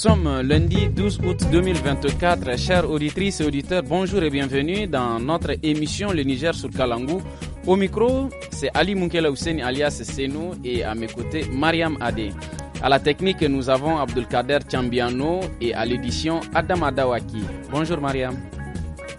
Nous sommes lundi 12 août 2024. chers auditrices et auditeurs, bonjour et bienvenue dans notre émission Le Niger sur Kalangou. Au micro, c'est Ali Moukela Hussein alias Seno et à mes côtés, Mariam Adé. À la technique, nous avons Abdelkader Chambiano et à l'édition, Adam Adawaki. Bonjour Mariam.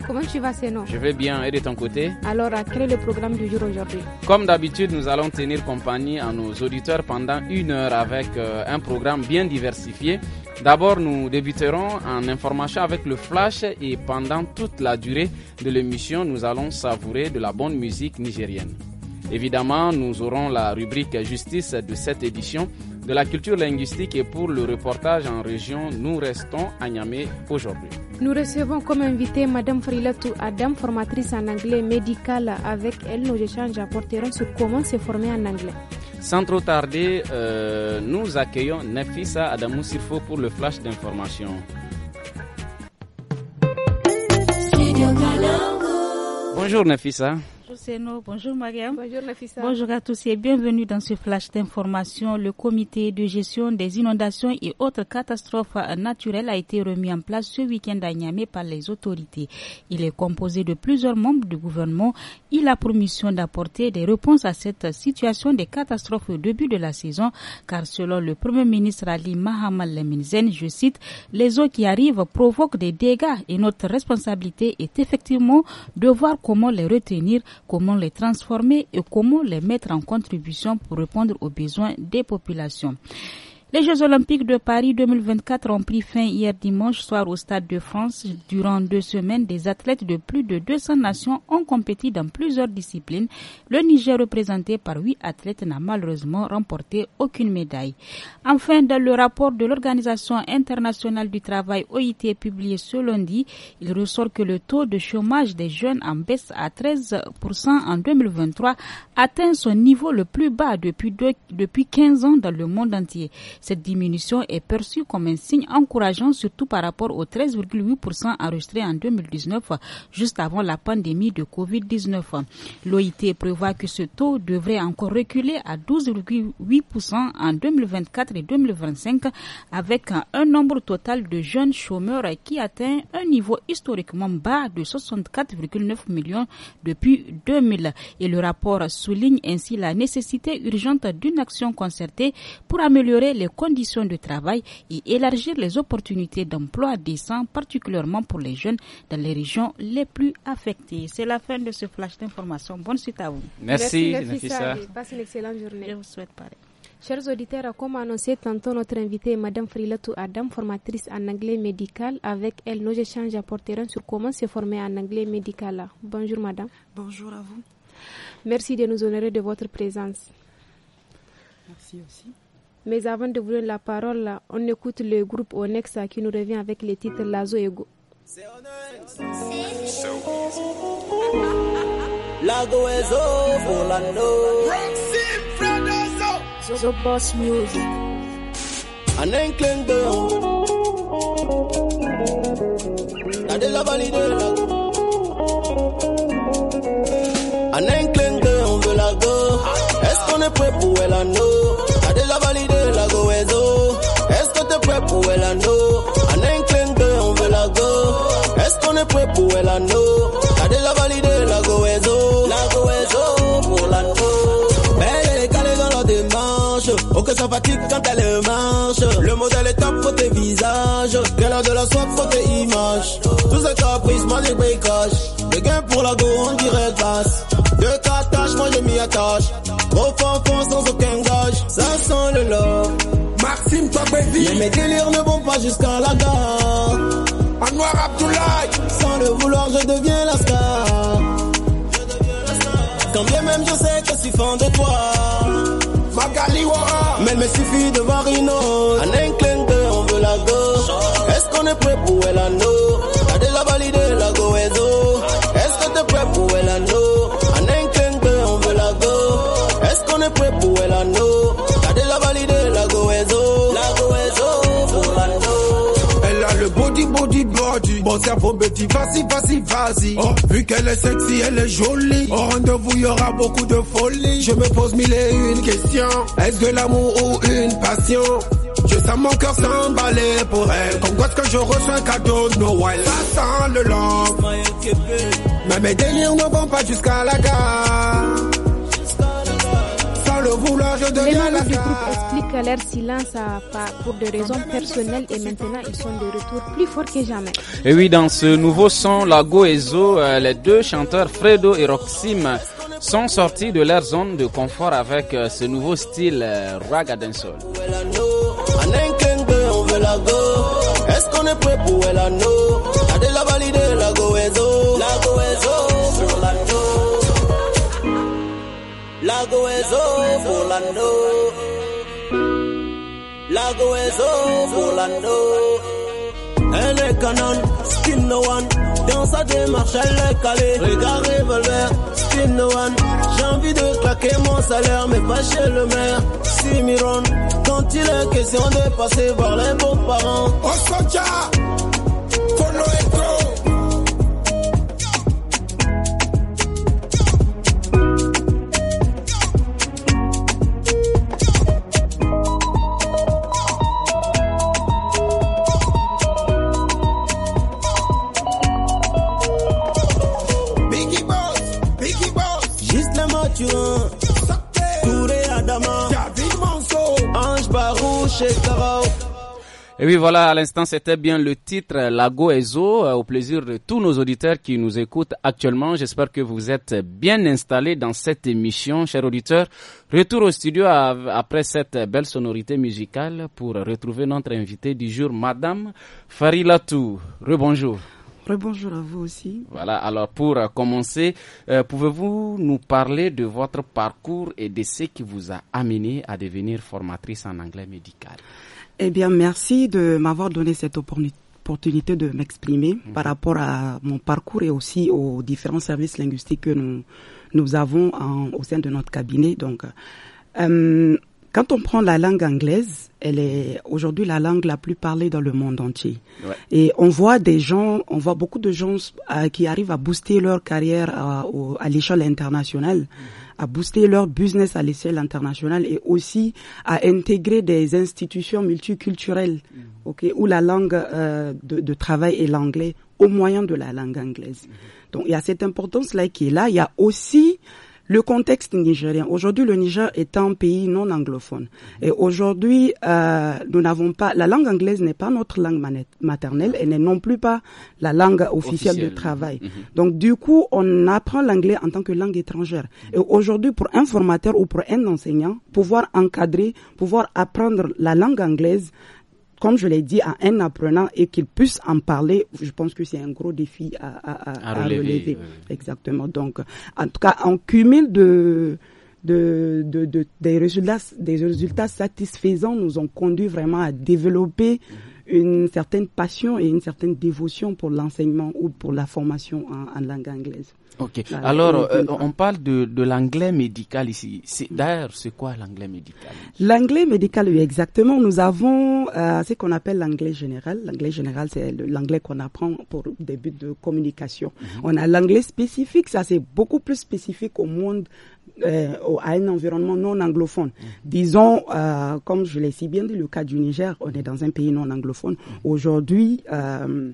Comment tu vas, Seno Je vais bien, et de ton côté Alors, quel est le programme du jour aujourd'hui Comme d'habitude, nous allons tenir compagnie à nos auditeurs pendant une heure avec euh, un programme bien diversifié. D'abord, nous débuterons en information avec le flash et pendant toute la durée de l'émission, nous allons savourer de la bonne musique nigérienne. Évidemment, nous aurons la rubrique justice de cette édition de la culture linguistique et pour le reportage en région, nous restons à Niamey aujourd'hui. Nous recevons comme invité Madame Frilatou Adam, formatrice en anglais médical. Avec elle, nos échanges apporteront sur comment se former en anglais. Sans trop tarder, euh, nous accueillons Nefisa Adamou pour le flash d'information. Bonjour Nefisa. Bonjour bonjour Mariam. Bonjour Bonjour à tous et bienvenue dans ce flash d'information. Le comité de gestion des inondations et autres catastrophes naturelles a été remis en place ce week-end à Niamey par les autorités. Il est composé de plusieurs membres du gouvernement. Il a pour mission d'apporter des réponses à cette situation des catastrophes au début de la saison, car selon le Premier ministre Ali Mahamal Leminzen, je cite, les eaux qui arrivent provoquent des dégâts et notre responsabilité est effectivement de voir comment les retenir comment les transformer et comment les mettre en contribution pour répondre aux besoins des populations. Les Jeux olympiques de Paris 2024 ont pris fin hier dimanche soir au Stade de France. Durant deux semaines, des athlètes de plus de 200 nations ont compéti dans plusieurs disciplines. Le Niger, représenté par huit athlètes, n'a malheureusement remporté aucune médaille. Enfin, dans le rapport de l'Organisation internationale du travail OIT publié ce lundi, il ressort que le taux de chômage des jeunes en baisse à 13% en 2023 atteint son niveau le plus bas depuis, depuis 15 ans dans le monde entier. Cette diminution est perçue comme un signe encourageant, surtout par rapport aux 13,8% enregistrés en 2019, juste avant la pandémie de COVID-19. L'OIT prévoit que ce taux devrait encore reculer à 12,8% en 2024 et 2025, avec un nombre total de jeunes chômeurs qui atteint un niveau historiquement bas de 64,9 millions depuis 2000. Et le rapport souligne ainsi la nécessité urgente d'une action concertée pour améliorer les conditions de travail et élargir les opportunités d'emploi décent, particulièrement pour les jeunes dans les régions les plus affectées. C'est la fin de ce flash d'information. Bonne suite à vous. Merci, Merci Passez une excellente journée. Je vous souhaite pareil. Chers auditeurs, comme annoncé tantôt, notre invitée Madame Frilatou Adam, formatrice en anglais médical. Avec elle, nos échanges apporteront sur comment se former en anglais médical. Bonjour Madame. Bonjour à vous. Merci de nous honorer de votre présence. Merci aussi. Mais avant de vous donner la parole, on écoute le groupe Onexa qui nous revient avec les titres Lazo Ego ». Est-ce qu'on est prêt pour le prepo e la no La de la valide la goezo La goezo pour la Belle Elle est calée dans la démarche Aucun sympathique quand elle marche Le modèle est top faut visage visages de la soif faut tes images Tous ces caprices moi les breakage De gains pour la go on dirait glace Deux t'attaches moi je m'y attache Gros fond fond, sans aucun gage Ça sent le love Maxime toi baby Mais mes délires ne vont pas jusqu'à la gare Anwar Abdoulaye. Sans le vouloir, je deviens la star. Quand bien même je sais que je suis de toi. Magali Wara. Mais il me suffit de voir une un clin on veut la go. Est-ce qu'on est prêt pour elle à nous? la valide la Goézo. vas-y, vas-y, vas-y. Oh, vu qu'elle est sexy, elle est jolie. Au rendez-vous, y aura beaucoup de folie. Je me pose mille et une questions. Est-ce de l'amour ou une passion? Je sens mon cœur s'emballer pour elle. Comme quoi est-ce que je reçois un cadeau no Noël? Ça sent le long Mais mes délires ne vont pas jusqu'à la gare. Sans le vouloir, je deviens la gare à leur silence pour des raisons personnelles et maintenant ils sont de retour plus forts que jamais. Et oui, dans ce nouveau son, Lago et euh, les deux chanteurs Fredo et Roxim sont sortis de leur zone de confort avec euh, ce nouveau style euh, raga dancehall. Est-ce qu'on la Lago est au Elle est canon, skin no one. Dans sa démarche, elle est calée. Regard revolver, skin no one. J'ai envie de claquer mon salaire, mais pas chez le maire. Simiron, quand il est question de passer voir les beaux-parents. On oh, Et oui, voilà, à l'instant, c'était bien le titre Lago Ezo, euh, au plaisir de tous nos auditeurs qui nous écoutent actuellement. J'espère que vous êtes bien installés dans cette émission, chers auditeurs. Retour au studio après cette belle sonorité musicale pour retrouver notre invité du jour, Madame Farilatou. Rebonjour. Rebonjour à vous aussi. Voilà, alors pour commencer, euh, pouvez-vous nous parler de votre parcours et de ce qui vous a amené à devenir formatrice en anglais médical eh bien, merci de m'avoir donné cette opportunité de m'exprimer mhm. par rapport à mon parcours et aussi aux différents services linguistiques que nous, avons au sein de notre cabinet. Donc, euh, quand on prend la langue anglaise, elle est aujourd'hui la langue la plus parlée dans le monde entier. Et on voit des gens, on voit beaucoup de gens euh, qui arrivent à booster leur carrière à, l'échelle internationale, à booster leur business à l'échelle internationale et aussi à intégrer des institutions multiculturelles, mm. ok, où la langue euh, de, de travail est l'anglais au moyen de la langue anglaise. Mm-hmm. Donc il y a cette importance là qui est là. Il y a aussi le contexte nigérien. Aujourd'hui, le Niger est un pays non anglophone. Et aujourd'hui, euh, nous n'avons pas, la langue anglaise n'est pas notre langue maternelle et n'est non plus pas la langue officielle, du de travail. Mhm. Donc, du coup, on apprend l'anglais en tant que langue étrangère. Mhm. Et aujourd'hui, pour un formateur ou pour un enseignant, pouvoir encadrer, pouvoir apprendre la langue anglaise, comme je l'ai dit, à un apprenant et qu'il puisse en parler, je pense que c'est un gros défi à, à, relever. Exactement. Donc, en tout cas, en cumul de, de, des, résultats, satisfaisants nous ont conduit vraiment à développer une certaine passion et une certaine dévotion pour l'enseignement ou pour la formation en langue anglaise. Ok. Alors, euh, on parle de, de l'anglais médical ici. D'ailleurs, c'est quoi l'anglais médical L'anglais médical, oui, exactement. Nous avons euh, ce qu'on appelle l'anglais général. L'anglais général, c'est l'anglais qu'on apprend pour des buts de communication. Mhm. On a l'anglais spécifique, ça c'est beaucoup plus spécifique au monde euh, à un environnement non anglophone. Mhm. Disons, euh, comme je l'ai si bien dit, le cas du Niger, on est dans un pays non anglophone. Mhm. Aujourd'hui, euh,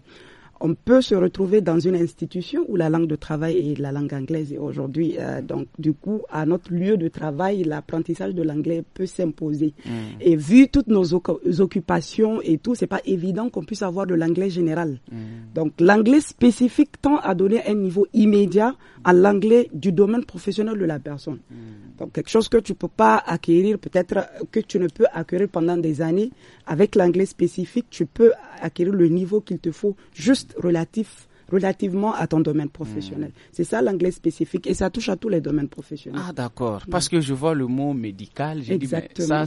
on peut se retrouver dans une institution où la langue de travail est la langue anglaise et aujourd'hui. Euh, donc, du coup, à notre lieu de travail, l'apprentissage de l'anglais peut s'imposer. Mm. Et vu toutes nos occupations et tout, c'est pas évident qu'on puisse avoir de l'anglais général. Mm. Donc, l'anglais spécifique tend à donner un niveau immédiat à l'anglais du domaine professionnel de la personne. Hmm. Donc quelque chose que tu peux pas acquérir, peut-être euh, que tu ne peux acquérir pendant des années. Avec l'anglais spécifique, tu peux acquérir le niveau qu'il te faut, juste relatif relativement à ton domaine hmm. professionnel. C'est ça l'anglais spécifique et ça touche à tous les domaines professionnels. Ah d'accord, hmm. parce que je vois le mot médical, j'ai dit ça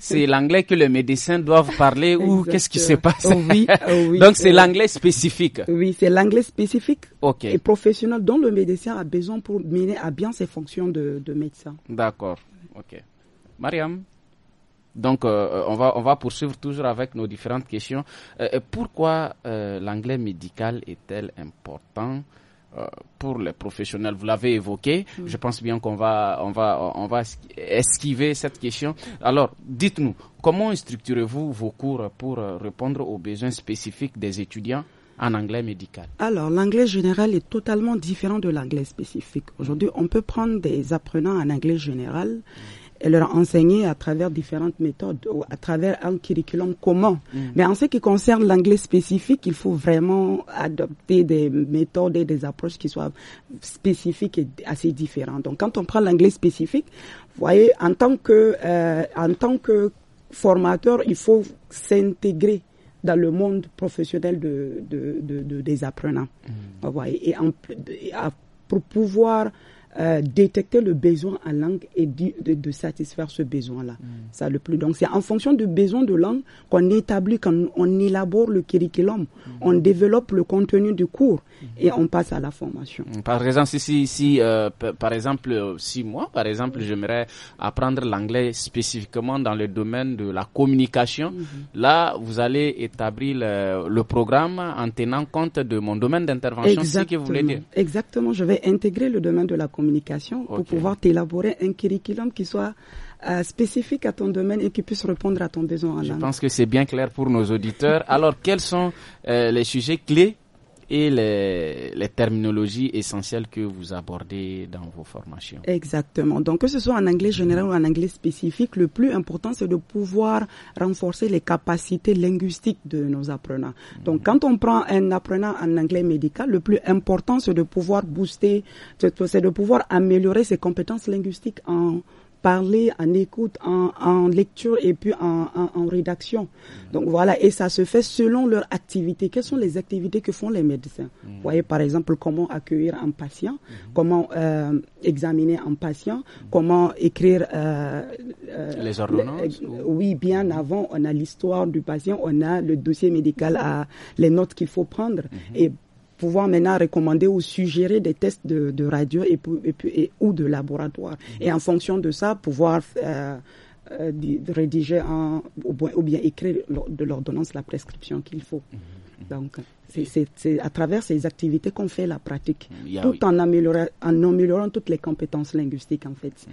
c'est l'anglais que les médecins doivent parler ou qu'est-ce qui se passe oh oui, oh Donc c'est l'anglais spécifique. Oui, c'est l'anglais spécifique et professionnel dont le médecin a besoin pour mener à bien ses fonctions de, de médecin. D'accord, ok. Mariam donc, euh, euh, on, va, on va poursuivre toujours avec nos différentes questions. Euh, pourquoi l'anglais médical est-elle important pour les professionnels Vous l'avez évoqué. Mm. Je pense bien qu'on va, on va, on va esquiver cette question. Alors, dites-nous, comment structurez-vous vos cours pour répondre aux besoins spécifiques des étudiants en anglais médical Alors, l'anglais général est totalement différent de l'anglais spécifique. Aujourd'hui, on peut prendre des apprenants en anglais général mm et leur enseigner à travers différentes méthodes ou à travers un curriculum commun. Mm. Mais en ce qui concerne l'anglais spécifique, il faut vraiment adopter des méthodes et des approches qui soient spécifiques et assez différentes. Donc quand on prend l'anglais spécifique, vous voyez, en tant que, euh, en tant que formateur, il faut s'intégrer dans le monde professionnel de, des apprenants. Mm. Vous voyez, et pour pouvoir euh, détecter le besoin en langue et de, satisfaire ce besoin-là. Mm. Ça le plus. Donc c'est en fonction du besoin de langue qu'on établit, qu'on on élabore le curriculum, mm. on développe le contenu du cours mm. et on passe à la formation. Par exemple, si, si, euh, par exemple, euh, si moi, par exemple, j'aimerais apprendre l'anglais spécifiquement dans le domaine de la communication, mm-hmm. là, vous allez établir le, programme en tenant compte de mon domaine d'intervention. que voulez dire. Exactement. Je vais intégrer le domaine de la communication communication pour pouvoir t'élaborer un curriculum qui soit euh, spécifique à ton domaine et qui puisse répondre à ton besoin. En Je pense que c'est bien clair pour nos auditeurs. Alors, quels sont euh, les sujets clés et les, terminologies essentielles que vous abordez dans vos formations. Exactement. Donc, que ce soit en anglais général ou en anglais spécifique, le plus important, c'est de pouvoir renforcer les capacités linguistiques de nos apprenants. Donc, quand on prend un apprenant en anglais médical, le plus important, c'est de pouvoir booster, c'est de pouvoir améliorer ses compétences linguistiques en parler en écoute, en, en lecture et puis en, en, en, rédaction. Donc voilà, et ça se fait selon leur activité. Quelles sont les activités que font les médecins mm. Vous voyez par exemple comment accueillir un patient, mm-hmm. comment euh, examiner un patient, mm-hmm. comment écrire... Euh, euh les ordonnances Oui, bien mm-hmm. avant, on a l'histoire du patient, on a le dossier médical, à, les notes qu'il faut prendre. Et pouvoir maintenant recommander ou suggérer des tests de, radio et, et, et, ou de laboratoire. Mm. Et en fonction de ça, pouvoir euh, euh, rédiger ou bien écrire de l'ordonnance la prescription qu'il faut. Mm. Donc, c'est à travers ces activités qu'on fait la pratique, mm, tout en améliorant, en améliorant toutes les compétences linguistiques en fait.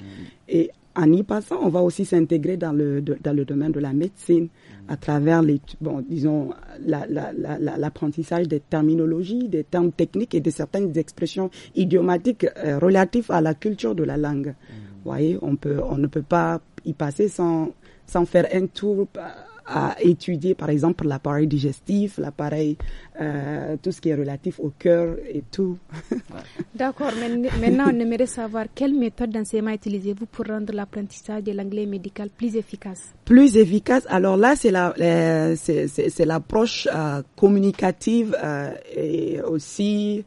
Et en y passant, on va aussi s'intégrer dans le, dans le domaine de la médecine mm. à travers les, bon, disons, l'apprentissage des terminologies, des termes techniques et de certaines expressions idiomatiques euh, relatives à la culture de la langue. Mm. voyez, on, peut, on ne peut pas y passer sans, sans faire un tour euh, à étudier par exemple l'appareil digestif, l'appareil, euh, tout ce qui est relatif au cœur et tout. D'accord, maintenant on aimerait savoir quelle méthode d'enseignement utilisez-vous pour rendre l'apprentissage de l'anglais médical plus efficace Plus efficace, alors là c'est la, c'est l'approche euh, communicative euh, et aussi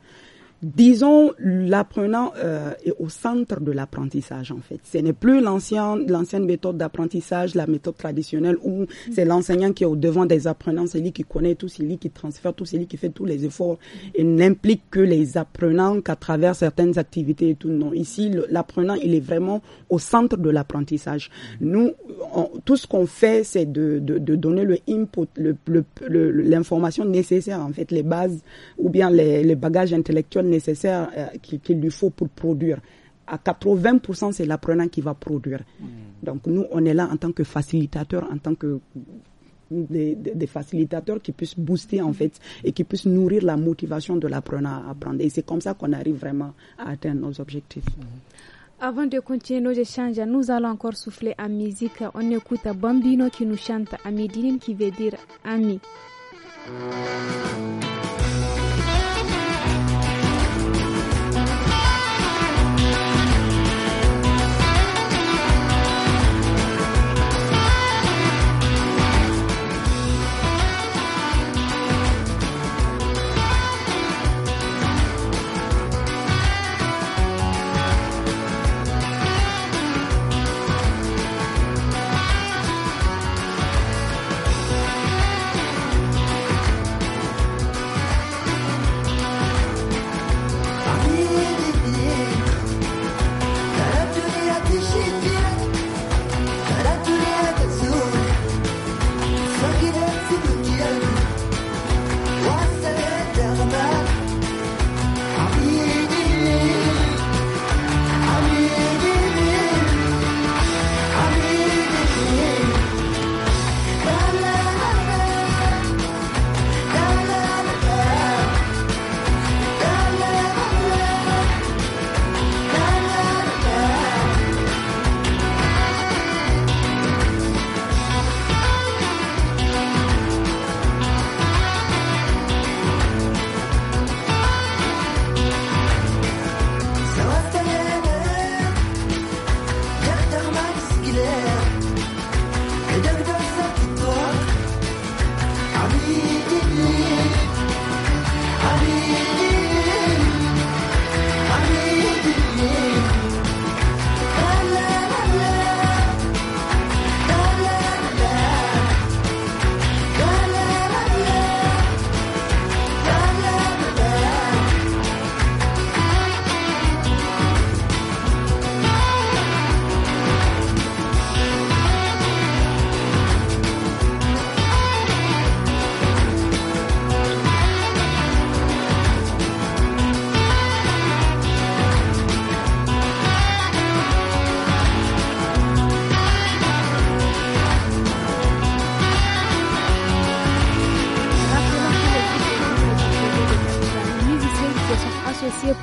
disons, l'apprenant euh, est au centre de l'apprentissage en fait. Ce n'est plus l'ancienne l'ancienne méthode d'apprentissage, la méthode traditionnelle où c'est l'enseignant qui est au devant des apprenants, c'est lui qui connaît tout, c'est lui qui transfère tout, c'est lui qui fait tous les efforts et n'implique que les apprenants qu'à travers certaines activités et tout. Non, ici l'apprenant il est vraiment au centre de l'apprentissage. Nous, on, tout ce qu'on fait c'est de, de, de, donner le input, l'information le, le, nécessaire en fait, les bases ou bien les, les bagages intellectuels nécessaire euh, qu'il lui faut pour produire. À 80%, c'est l'apprenant qui va produire. Hmm. Donc nous, on est là en tant que facilitateur, en tant que des, facilitateurs qui puissent booster en fait et qui puissent nourrir la motivation de l'apprenant à apprendre. Et c'est comme ça qu'on arrive vraiment à atteindre nos objectifs. Hmm. Avant de continuer nos échanges, nous allons encore souffler à musique. On écoute Bambino qui nous chante Amidine qui veut dire ami.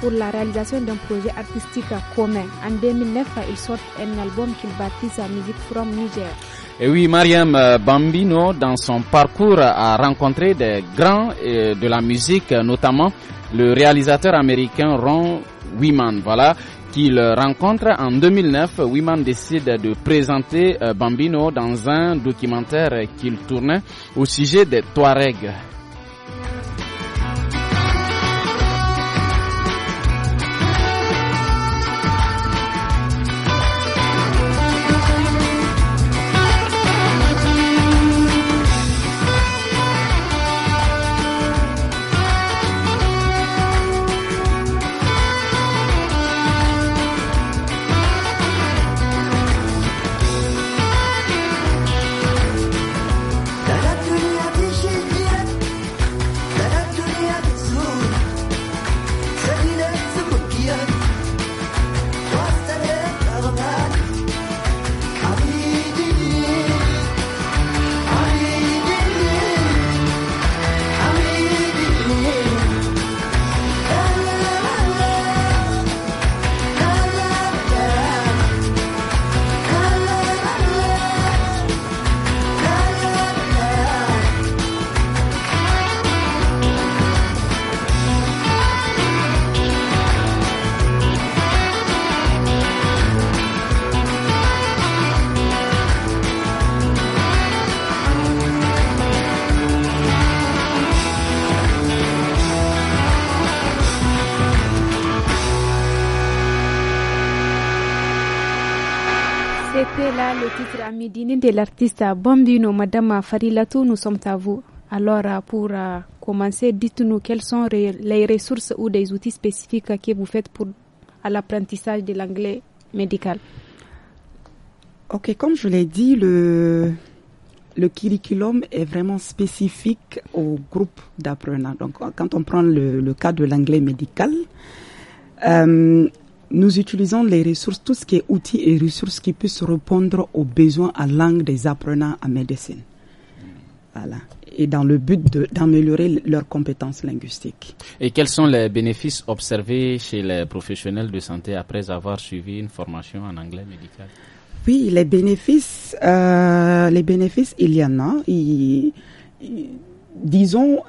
pour la réalisation d'un projet artistique commun. En 2009, il sort un album qu'il baptise « Music from Niger. Et oui, Mariam euh, Bambino, dans son parcours, a rencontré des grands euh, de la musique, notamment le réalisateur américain Ron Wiman. Voilà, qu'il rencontre en 2009, Wiman décide de présenter euh, Bambino dans un documentaire qu'il tournait au sujet des Touaregs. l'artiste Bambino, Madame Farilato, nous sommes à vous. Alors, pour euh, commencer, dites-nous quelles sont les ressources ou des outils spécifiques que vous faites pour l'apprentissage de l'anglais médical. Ok, comme je l'ai dit, le, le curriculum est vraiment spécifique au groupe d'apprenants. Donc, quand on prend le, le cas de l'anglais médical, euh, nous utilisons les ressources, tout ce qui est outils et ressources qui puissent répondre aux besoins à langue des apprenants en médecine. Voilà. Et dans le but d'améliorer leurs compétences linguistiques. Et quels sont les bénéfices observés chez les professionnels de santé après avoir suivi une formation en anglais médical Oui, les bénéfices, euh, les bénéfices, il y en a. disons,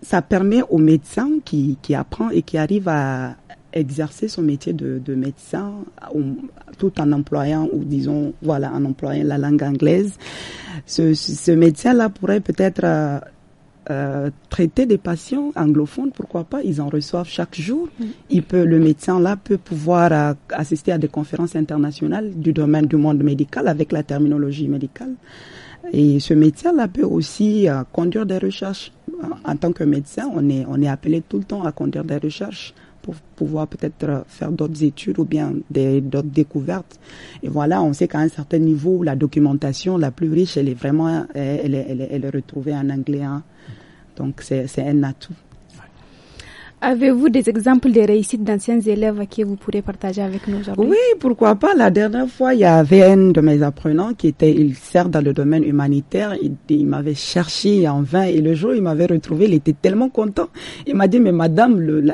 ça permet aux médecins qui, qui apprennent et qui arrivent à, exercer son métier de, médecin tout en employant ou disons voilà en employant la langue anglaise. Ce, médecin-là pourrait peut-être euh, euh, traiter des patients anglophones, pourquoi pas Ils en reçoivent chaque jour. Mm. Il peut, le médecin là peut pouvoir euh, assister à des conférences internationales du domaine du monde médical avec la terminologie médicale. Et ce médecin là peut aussi conduire des recherches. En, en tant que médecin, on est on est appelé tout le temps à conduire des recherches pour pouvoir peut-être euh, faire d'autres études ou bien d'autres découvertes. Et voilà, on sait qu'à un certain niveau, la documentation la plus riche, elle est vraiment, elle, elle, elle, est retrouvée en anglais. Hein. Donc c'est un atout. Avez-vous des exemples de réussites d'anciens élèves que vous pourrez partager avec nous aujourd'hui Oui, pourquoi pas. La dernière fois, il y avait un de mes apprenants qui était, il sert dans le domaine humanitaire. Il, m'avait cherché en vain et le jour, il m'avait retrouvé. Il était tellement content. Il m'a dit, mais madame, le,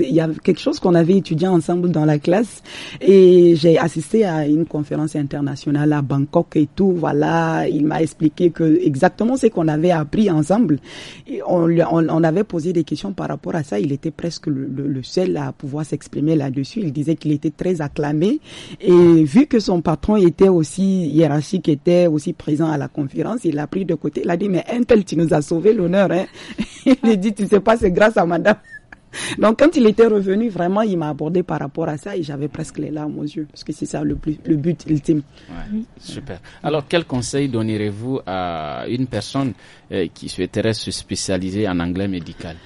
il y a quelque chose qu'on avait étudié ensemble dans la classe et j'ai assisté à une conférence internationale à Bangkok et tout. Voilà, il m'a expliqué que exactement ce qu'on avait appris ensemble. Et on, on avait posé des questions par rapport à ça. Il était presque le, seul à pouvoir s'exprimer là-dessus. Il disait qu'il était très acclamé et vu que son patron était aussi hiérarchique, était aussi présent à la conférence, il l'a pris de côté. Il a dit mais Intel, tu nous as sauvé l'honneur. Hein. il a dit tu sais pas, c'est grâce à Madame. Donc quand il était revenu, vraiment, il m'a abordé par rapport à ça et j'avais presque les larmes aux yeux, parce que c'est ça le, but ultime. super. Alors quel conseil donnerez-vous à une personne euh, qui souhaiterait se spécialiser en anglais médical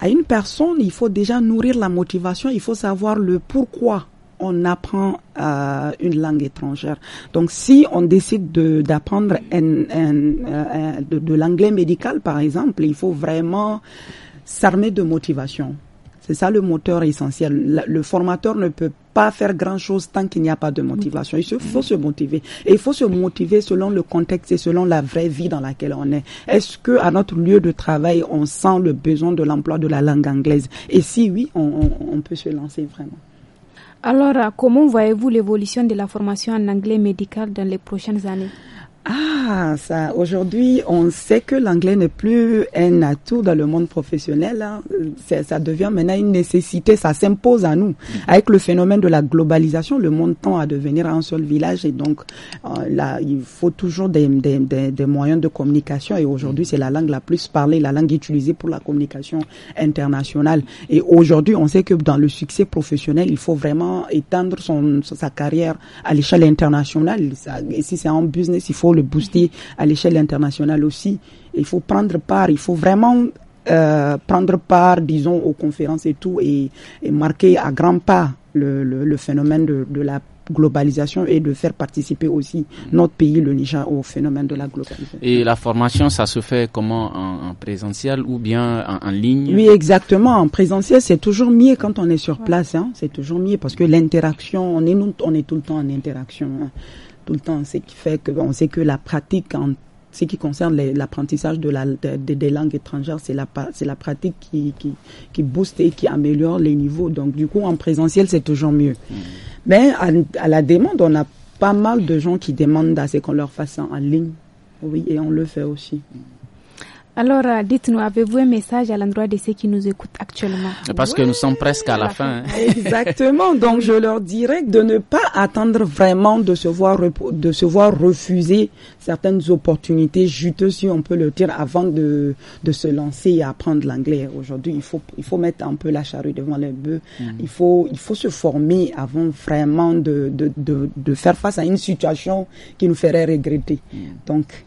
à une personne, il faut déjà nourrir la motivation, il faut savoir le pourquoi on apprend euh, une langue étrangère. Donc, si on décide d'apprendre de, euh, de, de l'anglais médical, par exemple, il faut vraiment s'armer de motivation. C'est ça le moteur essentiel. Le, le formateur ne peut pas faire grand-chose tant qu'il n'y a pas de motivation. Il faut se motiver. Et il faut se motiver selon le contexte et selon la vraie vie dans laquelle on est. Est-ce que à notre lieu de travail, on sent le besoin de l'emploi de la langue anglaise Et si oui, on peut se lancer vraiment. Alors, euh, comment voyez-vous l'évolution de la formation en anglais médical dans les prochaines années ah, ça. Aujourd'hui, on sait que l'anglais n'est plus un atout dans le monde professionnel. Hein. Ça devient maintenant une nécessité. Ça s'impose à nous. Mm-hmm. Avec le phénomène de la globalisation, le monde tend à devenir un seul village et donc euh, là, il faut toujours des, des, des, moyens de communication. Et aujourd'hui, mm-hmm. c'est la langue la plus parlée, la langue utilisée pour la communication internationale. Et aujourd'hui, on sait que dans le succès professionnel, il faut vraiment étendre son, sa carrière à l'échelle internationale. si c'est en business, il faut le booster à l'échelle internationale aussi. Il faut prendre part, il faut vraiment euh, prendre part, disons, aux conférences et tout, et, marquer à grands pas le, le, phénomène de, de la globalisation et de faire participer aussi notre pays, le Niger, au phénomène de la globalisation. Et la formation, ça se fait comment en, présentiel ou bien en, ligne Oui, exactement. En présentiel, c'est toujours mieux quand on est sur place. Hein. C'est toujours mieux parce que l'interaction, on est, on est tout le temps en interaction. Hein tout le temps, ce qui fait que on sait que la pratique en ce qui concerne l'apprentissage de la, des langues étrangères, c'est la, c'est la pratique qui, qui, qui, booste et qui améliore les niveaux. Donc, du coup, en présentiel, c'est toujours mieux. Mmh. Mais à, la demande, on a pas mal de gens qui demandent à ce qu'on leur fasse en ligne. Oui, et on le fait aussi. Mmh. Alors, euh, dites-nous, avez-vous un message à l'endroit de ceux qui nous écoutent actuellement Parce que nous sommes presque à la, fin. Hein. Exactement. Donc, je leur dirais de ne pas attendre vraiment de se voir de se voir refuser certaines opportunités juteuses, si on peut le dire, avant de, de se lancer et apprendre l'anglais. Aujourd'hui, il faut il faut mettre un peu la charrue devant les bœufs. Mhm. Il faut il faut se former avant vraiment de de, de de faire face à une situation qui nous ferait regretter. Mhm. Donc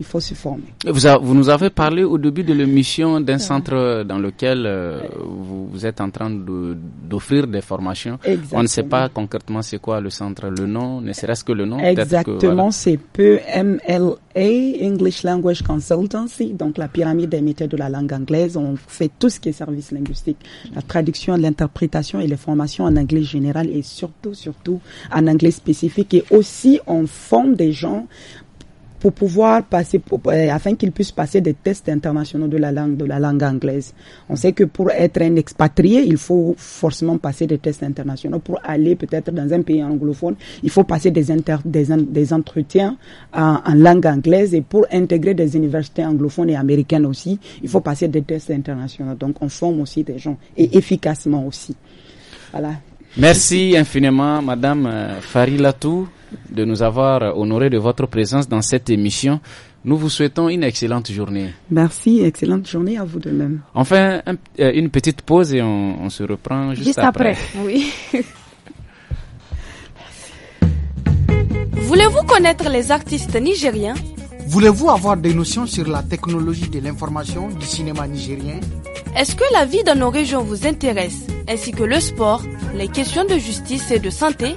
il faut se former. Vous, vous nous avez parlé au début de l'émission d'un centre dans lequel euh, vous, êtes en train d'offrir des formations. On ne sait pas concrètement c'est quoi le centre, le nom, ne serait-ce que le nom. Exactement, c'est PMLA, English Language Consultancy, donc la pyramide des métiers de la langue anglaise. On fait tout ce qui est service linguistique, la traduction, l'interprétation et les formations en anglais général et surtout, surtout en anglais spécifique. Et aussi, on forme des gens pour pouvoir passer, pour, euh, afin qu'ils puissent passer des tests internationaux de la langue, de la langue anglaise. On sait que pour être un expatrié, il faut forcément passer des tests internationaux. Pour aller peut-être dans un pays anglophone, il faut passer des, des, des entretiens en, en, langue anglaise et pour intégrer des universités anglophones et américaines aussi, il faut passer des tests internationaux. Donc, on forme aussi des gens et efficacement aussi. Voilà. Merci infiniment, Madame euh, Farilatou de nous avoir honoré de votre présence dans cette émission. Nous vous souhaitons une excellente journée. Merci, excellente journée à vous de même. Enfin, euh, une petite pause et on, se reprend juste, juste après. après. Oui. Voulez-vous connaître les artistes nigériens Voulez-vous avoir des notions sur la technologie de l'information du cinéma nigérien Est-ce que la vie dans nos régions vous intéresse, ainsi que le sport, les questions de justice et de santé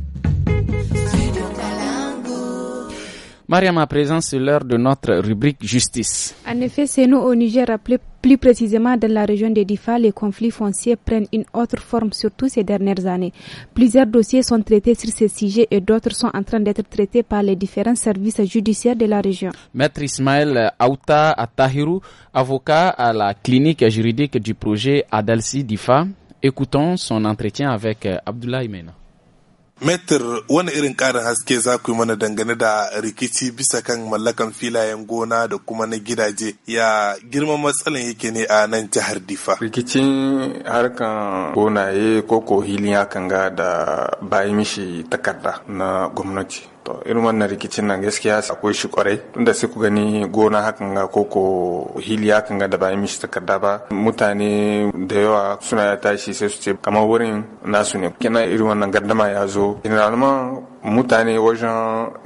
Mariam, à présent, c'est l'heure de notre rubrique justice. En effet, c'est nous au Niger rappelé plus précisément dans la région de Difa, les conflits fonciers prennent une autre forme, surtout ces dernières années. Plusieurs dossiers sont traités sur ces sujets et d'autres sont en train d'être traités par les différents services judiciaires de la région. Maître Ismaël Aouta Atahirou, avocat à la clinique juridique du projet Adalci Difa, écoutons son entretien avec euh, Abdoulaye Mena. Metir wani irin ƙarin haske za ku yi mana dangane da rikici bisa kan mallakan filayen gona da kuma na gidaje ya girman matsalan yake ne a nan jihar Difa. Rikicin harkan gonaye ko ko hilin ya kanga da bayan mishi takarda na gwamnati. to irin wannan rikicin nan gaskiya akwai shi kwarai tunda sai ku gani gona hakan ga koko hili hakan ga da ba mishi takarda ba mutane da yawa suna tashi sai su ce kamar wurin nasu ne kina irin wannan gardama ya zo generalman mutane wajen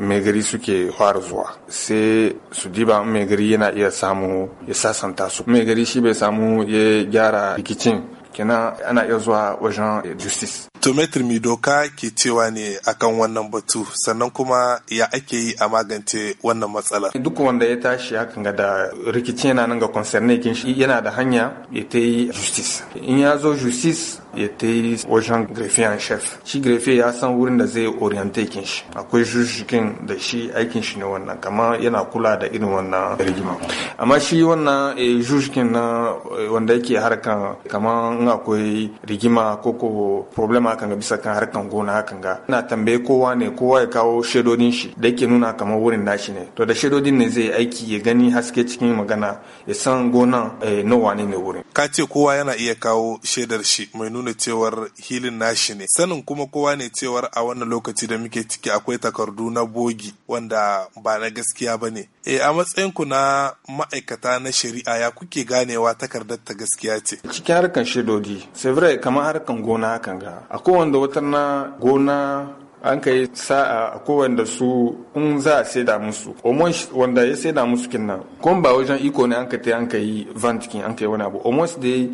megari suke fara zuwa sai su diba megari yana iya samu ya sasanta su megari shi bai samu ya gyara rikicin kina ana iya zuwa wajen justice Tumetri mai doka ke cewa ne akan wannan batu sannan kuma ya ake yi a magance wannan matsalar. Duk wanda ya tashi hakan ga da rikici yana nan ga concerne kin shi yana da hanya ya ta yi justice. In ya zo justice ya ta yi wajen grefiyan chef. Shi grefe ya san wurin da zai oriente kin shi. Akwai shushikin da shi aikin shi ne wannan kama yana kula da irin wannan rigima. Amma shi wannan shushikin eh, na eh, wanda yake harkan kama in akwai rigima ko ko problema hakan ga bisa kan harkan gona hakan ga ina tambaye kowa ne kowa ya kawo shedodin shi da yake nuna kamar wurin nashi ne to da shedodin ne zai aiki ya gani haske cikin magana ya san gonan eh, nawa ne ne wurin ka ce kowa yana iya kawo shaidar shi mai nuna cewar hilin nashi ne sanin kuma kowa ne cewar a wannan lokaci da muke ciki akwai takardu na bogi wanda ba na gaskiya ba ne e a matsayinku na ma'aikata na shari'a ya kuke ganewa takardar ta gaskiya ce cikin harkan shedodi sai kamar harkan gona hakan ga kowanda wata na gona an kai sa'a a kowanda su in za a saida musu omon wanda ya saida musu kinnan kuma ba wajen iko ne an ka an ka yi vantikin an ka yi wani abu omon su dai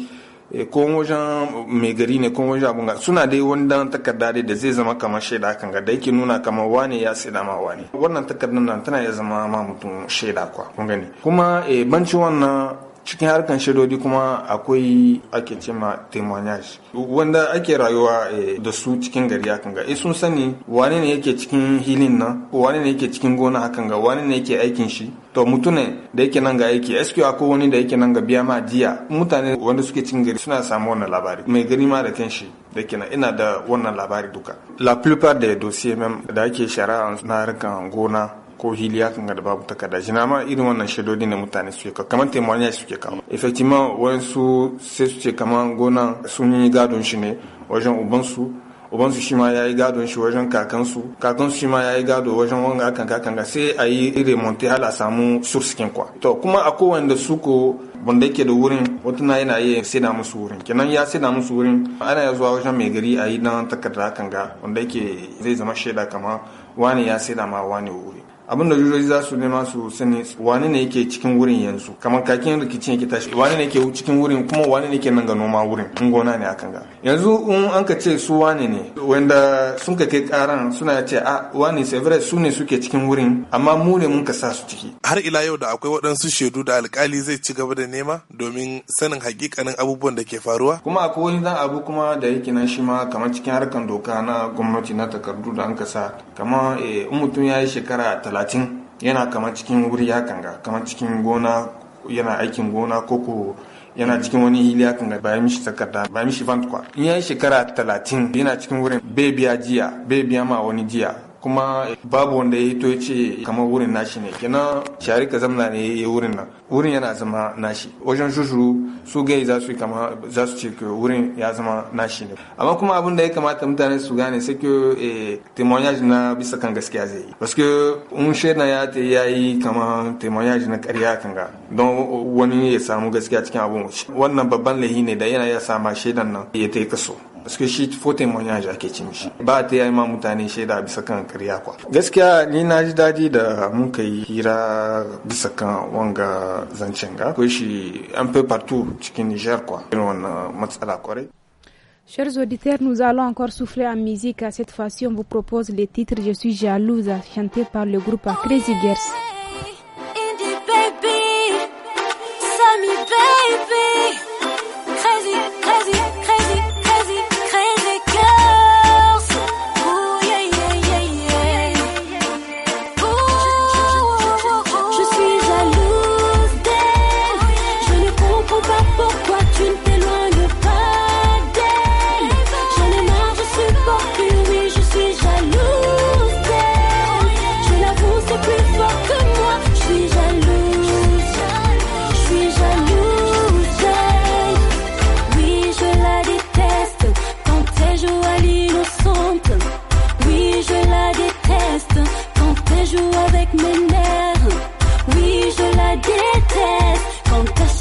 eh, ko wajen mai gari ne ko wajen abunga suna dai wanda takarda dai da zai zama kamar shaida kan ga da yake nuna kamar wane ya saida ma wane wannan takardar nan tana ya zama ma mutum shaida kwa kun gani kuma eh, bancin wannan cikin harkan shadodi kuma akwai ake ce ma témoignage wanda ake rayuwa eh, da su cikin gari hakan ga eh, sun sani wani ne yake cikin hilin nan wani ne yake cikin gona hakan ga wani ne yake aikin shi to mutune da yake nan ga aiki SQ akwai wani da yake nan ga biya ma jiya mutane wanda suke cikin gari suna samu wannan labari mai gari ma da kanshi da kenan ina da wannan labari duka la plupart des dossiers même da ake shari'a na harkan gona ko hiliya kan ga da babu takarda jina ma irin wannan shaidodi ne mutane suke kawo kamar taimoniya suke kawo effectivement wayansu sai su ce kamar gonan sun yi gadon shi ne wajen ubansu ubansu shi ma ya yi gadon shi wajen kakansu kakansu shi ma ya yi gado wajen wanga akan ga sai a yi irin monte a samu surskin kwa to kuma a da su ko wanda yake da wurin wata yana sai na musu wurin kenan ya na musu wurin ana ya zuwa wajen mai gari a yi dan takarda akan ga wanda yake zai zama shaida kama wani ya da ma wani wuri abin da jujoji za su nema su sani wani ne yake cikin wurin yanzu kamar kakin rikicin yake tashi wani ne yake cikin wurin kuma wani ne yake nan ga noma wurin in gona ne akan ga yanzu in an ka ce su wani ne wanda sun ka kai karan suna ce a wani sevres su ne suke cikin wurin amma mu ne mun ka sa su ciki har ila yau da akwai waɗansu shaidu da alkali zai ci gaba da nema domin sanin hakikanin abubuwan da ke faruwa kuma akwai wani dan abu kuma da yake nan shi ma kamar cikin harkan doka na gwamnati na takardu da an ka sa kamar eh, in mutum ya yi shekara talatin talatin yana kamar cikin wuri ya kanga kamar cikin gona yana aikin gona koko yana mm. cikin wani hili ya kanga bayan mishi takarda bayan mishi vant kwa in yayi shekara talatin yana cikin wurin bai biya jiya bai biya ma wani jiya kuma babu wanda ya hito ya ce kamar wurin nashi ne kenan shari ka zamna ne ya wurin nan wurin yana zama nashi wajen shushuru su gai za su kama za su ce wurin ya zama nashi ne amma kuma abin da ya kamata mutane su gane sai ke eh, témoignage na bisa kan gaskiya zai yi parce que in shaidan ya ta yayi kama témoignage na karya kan ga don wani ya samu gaskiya cikin abin wuce wannan babban lahi ne da yana ya sama shaidan nan ya ta kaso parce que je suis un à témoignage ba ta yi ma mutane shaida bisa kriya quoi. kwa gaskiya ni na ji daɗi da mun ka hira wanga partout Niger quoi. kwa Chers auditeurs, nous allons encore souffler en musique. À cette fois on vous propose les titres Je suis jalouse, chanté par le groupe Crazy Girls. Indie baby, Sammy baby.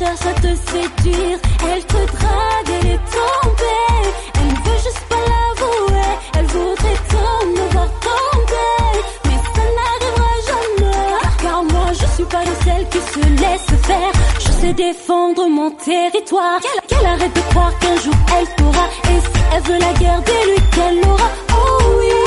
cherche à te séduire, elle te drague, elle est Elle veut juste pas l'avouer, elle voudrait te me voir tomber. Mais ça n'arrivera jamais, car moi je suis pas de celle qui se laisse faire. Je sais défendre mon territoire. Qu'elle, arrête de croire qu'un jour elle pourra, et si elle veut la guerre, dis-lui qu'elle l'aura. Oh oui.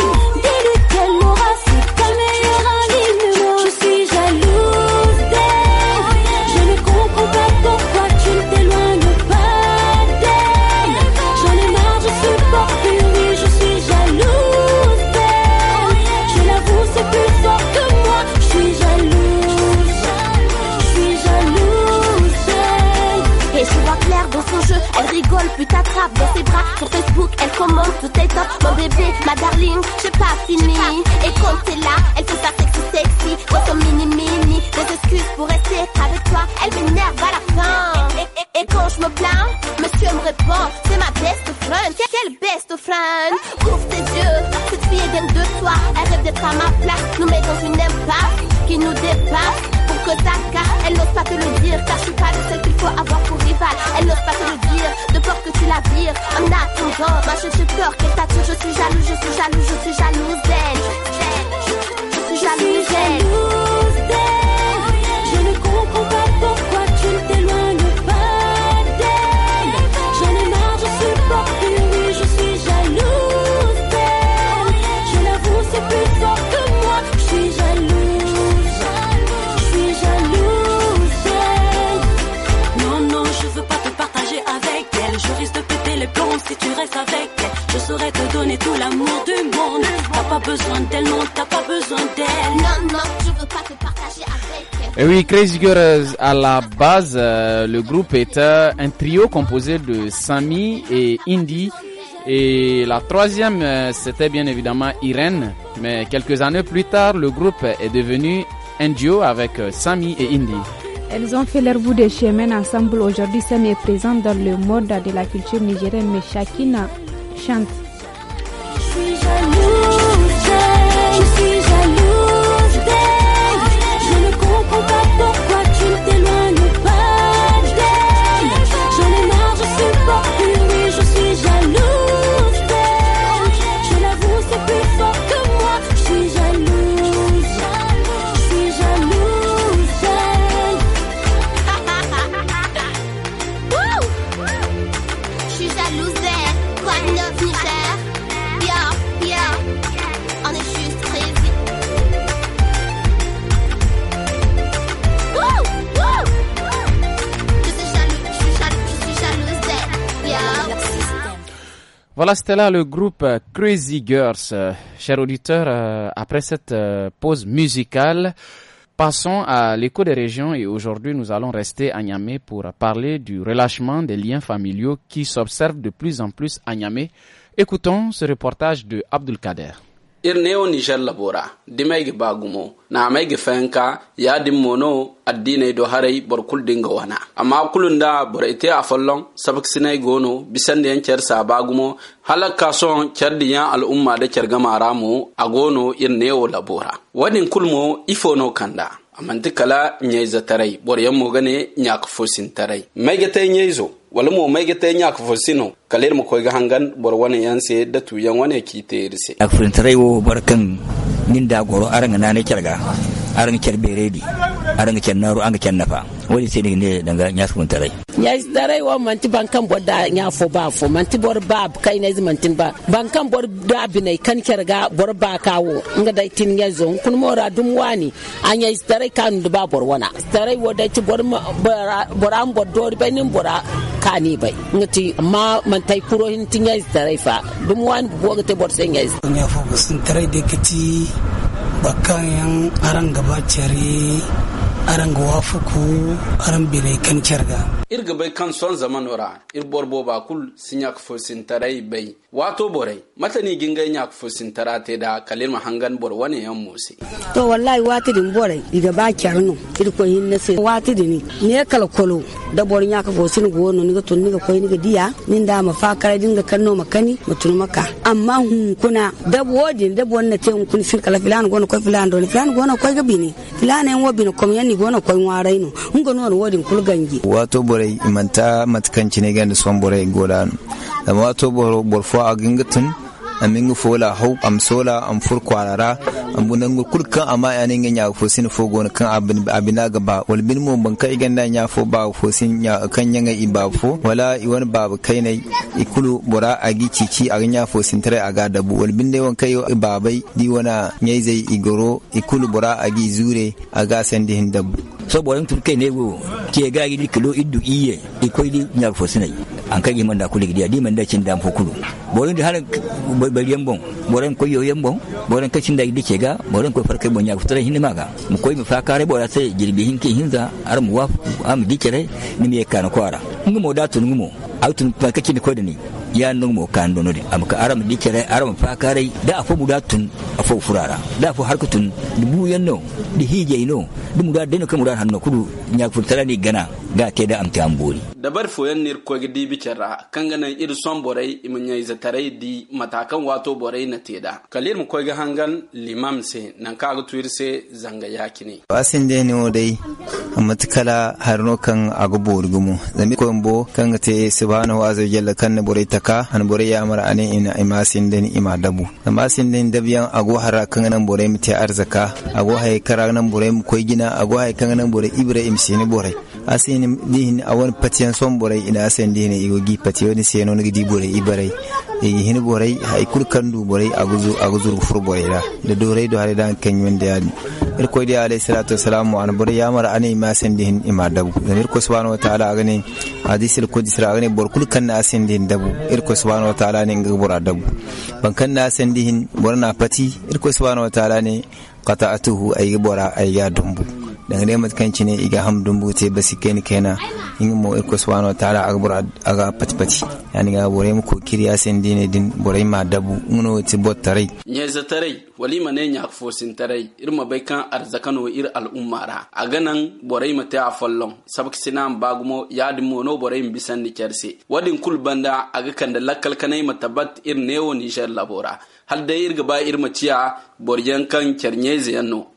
ses bras sur Facebook, elle commence, tout est top. Mon bébé, ma darling, j'ai pas fini. Et quand t'es là, elle fait sexy sexy. Dans mini mini, des excuses pour rester avec toi. Elle m'énerve à la fin. Et, quand je me plains, monsieur me répond, c'est ma best friend. Quelle best friend Ouvre tes yeux, cette fille est dingue de toi. Elle rêve d'être à ma place, nous met dans une impasse qui nous dépasse. Elle n'ose pas te le dire, car je suis pas le seul qu'il faut avoir pour rival. Elle n'ose pas te le dire, de peur que tu la vires. En attendant, ma je te peur qu'elle t'attire. Je suis jaloux, je suis jaloux, je suis jalouse d'elle. Je suis jalouse d'elle. Donc si tu restes avec elle. Je saurais te donner tout l'amour du monde. T'as pas besoin d'elle, non, t'as pas besoin d'elle. Non, non, je veux pas te partager avec elle. Et eh oui, Crazy Girls, à la base, euh, le groupe était euh, un trio composé de Sami et Indy. Et la troisième, euh, c'était bien évidemment Irène. Mais quelques années plus tard, le groupe est devenu un duo avec euh, Sami et Indy. Elles ont fait leur bout de chemin ensemble. Aujourd'hui, c'est est présente dans le monde de la culture nigérienne, mais chacune chante. là le groupe Crazy Girls. Euh, chers auditeurs, euh, après cette euh, pause musicale, passons à l'écho des régions et aujourd'hui nous allons rester à Niamey pour parler du relâchement des liens familiaux qui s'observent de plus en plus à Niamey. Écoutons ce reportage de Abdul Kader. ir neo niger labora dimay gi bagumo na may gi fenka ya dimmono addinay do haray bor kul dinga wana amma kulunda bor ite a follon sabak sinay gono bisande en cer sa bagumo halaka son cardiya al umma da cerga maramu a gono ir neo labora wadin kulmo ifono kanda amanti kala nyeiza tarai bor yam mo gane nyak fosin tarai mege te nyeizo wala mo mege te nyak fosino kaler mo koyga hangan bor wani yanse da tu yan wani ki te irse ak tarai wo barkan ninda goro aranga nane kyarga aran ker beredi aran ker naru an ker nafa wani sai ne daga nya su tarai ya tarai wa manti bankan da ya fo ba fo manti bor ba kai ne mantin ba bankan bor da ne kan ker ga bor ba kawo nga dai tin ya zo kun mora dum wani an ya tarai kan da ba bor wana tarai wa dai ci bor bor an bor dori bai nin bora kani bai ngati ma mantai kuro hin tin yi tarai fa dum wani bo ga te bor ya yi ya fo sun tarai da kati yan aran gaba cari aran gawa fuku aran kan irga bai kan son zaman ora ir borbo ba kul sinyak fo sintarai bai wato borai ni gingai nyak fo sintara te da kalima hangan bor wane yan mose to wallahi wati din borai iga ba kyarno ir ko hin na se wati din ne kala kolo da bor nyak fo sin go no ni ga tun ni ga koy ni ga diya min da ma fa kare din ga kanno makani mutun maka amma hun kuna da wodin da bon na te hun kun sin kala filan go no koy filan do filan go no koy ga bini filan en wobi bini kom yan ni go no koy warai no hun go no wodin kul gangi wato borai borai imanta matkanci ne gani son borai godano amma to bor fo a gingitun amin fola hau am sola am fur kwarara am bunan kul kan ama ne nya fo sin fo gon kan abin abina gaba wal bin mu ban kai ganda nya fo ba fo sin nya kan nya ngai ba fo wala wani ba kai ne ikulu bora agi cici a nya fo sin tare aga dabu wal bin ne wan kai babai di wana nya zai igoro ikulu bora agi zure aga sandi hin dabu so yin turke ne go ke di kilo iddu iye ikoi di nya fo ne an kai man da kule gidiya di man da cin da fo kulu yin da har baliyan bon boren ko yoyen bon boren ka cinda idi cega boren ko farke bon ya futare hinne maga mu koy mi fakare bora sai jirbi hinki hinza ar mu wafu am dikere ni mi kana kwara ngumo da tun ngumo autun pa kake ni koda ni ya no mo kan dono de am ka aram di kere aram fa kare da afu mu afu furara da afu harkutun di bu yanno di hije ino di mu da deno kamu da hanno kudu nya furtara ni gana ga te da amti amburi da bar yan nir ko gidi bi kera kan gana ir son borai imun yayi di matakan wato borai na teda kalir mu ko ga hangan limam se nan ka ga tuir se zanga yakini wasin de ne odai amma kala harno kan agubo rugumu zami ko mbo kan ga te subhanahu wa azza jalla kan bure taka an bore ya mara ane ina imasin den ima dabu imasin den dabiyan ago hara kan nan bore mu te arzaka ago hay kara nan bore mu koy gina ago hay kan nan bore ibrahim sini bure asin dihin awon patiyan son borai ina asin dihin igo gi patiyo ni seno ni di borai ibarai igi hin borai hay kul kandu borai aguzu aguzu fur borai da da dorai do hare dan kanyen da yali ir ko di alayhi salatu wassalamu an borai yamar ani ma asin dihin ima dabu da ir ko subhanahu wa ta'ala agane hadis il kudis ra agane bor kul kan asin dihin dabu ir ko subhanahu wa ta'ala ne ngi bora dabu ban kan asin dihin borna pati ir ko subhanahu wa ta'ala ne qata'atuhu ay bora ay ya dumbu dangane matkan cine iga ham dumbu te basi kai kena in mo eko swano tara agbura aga patpati yani ga bore mu ko kiriya sen dine din bore ma dabu ngono te bot tarai nyeza tarai walima ne nyak fosin tarai irma bai kan arzakano ir al ummara aga nan bore ma ta afallon sabak sinan bagumo yadim mo no bore bisan ni kerse wadin kul banda aga kan da lakkal kanai matabat ir newo ni labora hal da irga ba irma ciya boryan kan kernyeze yanno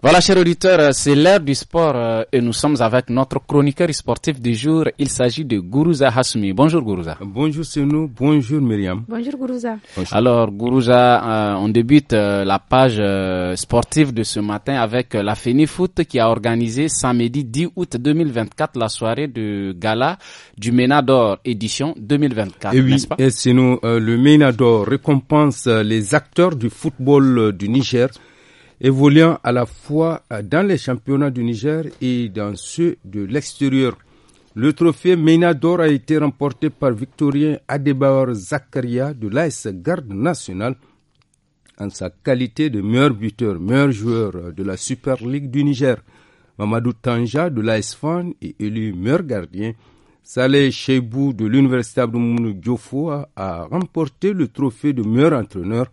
Voilà, chers auditeurs, euh, c'est l'heure du sport euh, et nous sommes avec notre chroniqueur sportif du jour. Il s'agit de Gourouza Hasmi. Bonjour Gourouza. Bonjour nous. bonjour Myriam. Bonjour Gourouza. Alors Gourouza, euh, on débute la page sportive de ce matin avec la Foot qui a organisé samedi 10 août 2024 la soirée de gala du Ménador édition 2024, eh et oui, Et le Ménador récompense les acteurs du football du Niger évoluant à la fois euh, dans les championnats du Niger et dans ceux de l'extérieur. Le trophée Mena d'or a été remporté par Victorien adebar Zakaria de l'AS Garde nationale en sa qualité de meilleur buteur, meilleur joueur euh, de la Super League du Niger. Mamadou Tanja de l'AS Fan est élu meilleur gardien. Saleh Chebou de l'Université Abdoumounou Diofo a remporté le trophée de meilleur entraîneur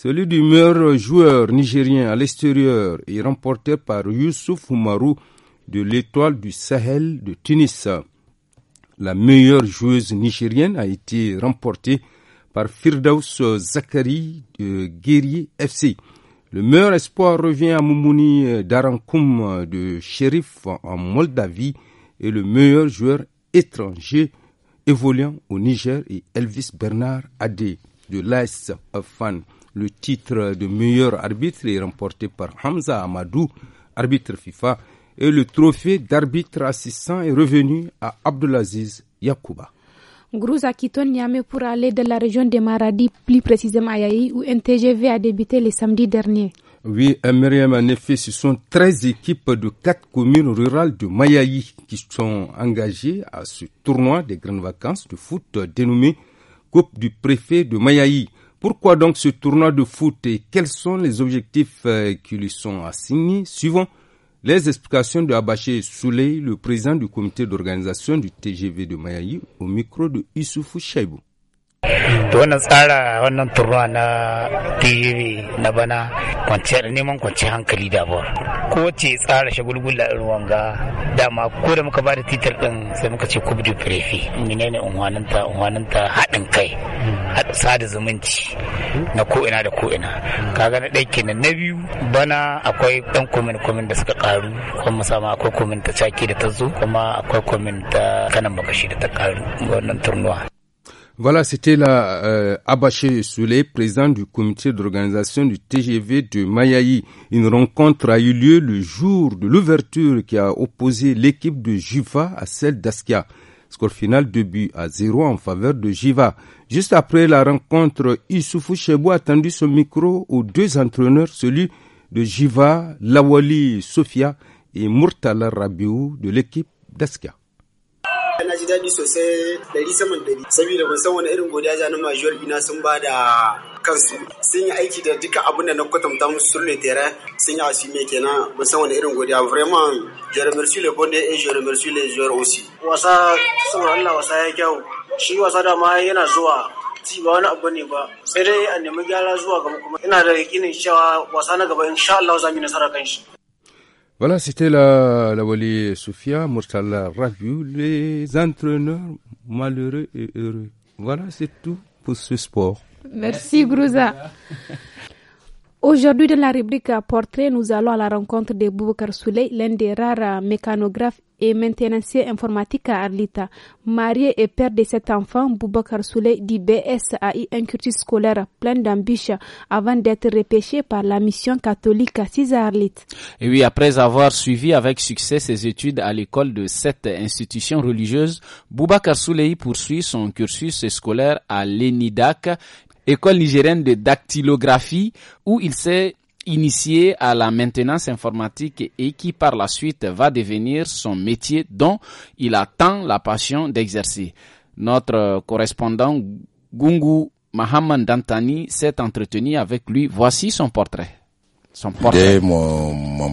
celui du meilleur joueur nigérien à l'extérieur est remporté par Youssouf Oumarou de l'étoile du Sahel de Tunis. La meilleure joueuse nigérienne a été remportée par Firdaus Zakari de Guerrier FC. Le meilleur espoir revient à Moumouni Darankoum de Sheriff en Moldavie et le meilleur joueur étranger évoluant au Niger est Elvis Bernard Adé de l'AS Fan. Le titre de meilleur arbitre est remporté par Hamza Amadou, arbitre FIFA, et le trophée d'arbitre assistant est revenu à Abdelaziz Yakouba. Grouza Kiton Niamey pour aller de la région des Maradi, plus précisément à où NTGV a débuté le samedi dernier. Oui, en effet, ce sont 13 équipes de 4 communes rurales de Mayaï qui sont engagées à ce tournoi des grandes vacances de foot dénommé Coupe du préfet de Mayaï. Pourquoi donc ce tournoi de foot et quels sont les objectifs euh, qui lui sont assignés Suivons les explications de Abaché Souley, le président du comité d'organisation du TGV de Mayaï, au micro de Issoufou Chaibou. da wannan tsara wannan turnuwa na tv na bana kwanciyar neman kwanci hankali da ba ko ce tsara shagulgula irin wanga dama ko da muka bada titar din sai muka ce kubdu prefi menene unwananta unwananta haɗin kai sada zumunci na ko'ina da ko'ina kaga na ɗaya kenan na biyu bana akwai ɗan komin komin da suka karu kuma sama akwai komin ta caki da ta zo kuma akwai komin ta kanan makashi da ta karu wannan turnuwa Voilà, c'était la euh, Abaché président du comité d'organisation du TGV de Mayaï. Une rencontre a eu lieu le jour de l'ouverture qui a opposé l'équipe de Jiva à celle d'Askia. Score final 2 buts à 0 en faveur de Jiva. Juste après la rencontre, Issoufou Chebou a tendu son micro aux deux entraîneurs, celui de Jiva, Lawali Sofia et Murtala Rabiou de l'équipe d'Askia. daɗi sosai ɗari saman ɗari saboda ban san wani irin godiya ja na bina ina sun ba da kansu sun yi aiki da duka abin da na kwatanta musu sun le sun yi mai kenan ban san wani irin godiya vraiment je remercie le bon et je remercie les joueurs aussi wasa saboda Allah wasa ya kyau shi wasa da ma yana zuwa ci ba wani abu ne ba sai dai a nemi gyara zuwa ga kuma ina da yakinin cewa wasa na gaba insha Allah za mu yi nasara kan shi Voilà, c'était la, la Wali Sophia, Murtala Raviou, les entraîneurs malheureux et heureux. Voilà, c'est tout pour ce sport. Merci, Grouza. Aujourd'hui, dans la rubrique Portrait, nous allons à la rencontre de Boubacar Souley, l'un des rares mécanographes et maintenancier informatique à Arlita. Marié et père de sept enfants, Boubacar Souley dit BS a un cursus scolaire plein d'ambition avant d'être repêché par la mission catholique assise à Arlita. Et oui, après avoir suivi avec succès ses études à l'école de cette institution religieuse, Boubacar Souley poursuit son cursus scolaire à l'ENIDAC, école nigérienne de dactylographie, où il s'est initié à la maintenance informatique et qui par la suite va devenir son métier dont il a tant la passion d'exercer. Notre correspondant Gungu Mahaman Dantani s'est entretenu avec lui. Voici son portrait. Dès mon, mon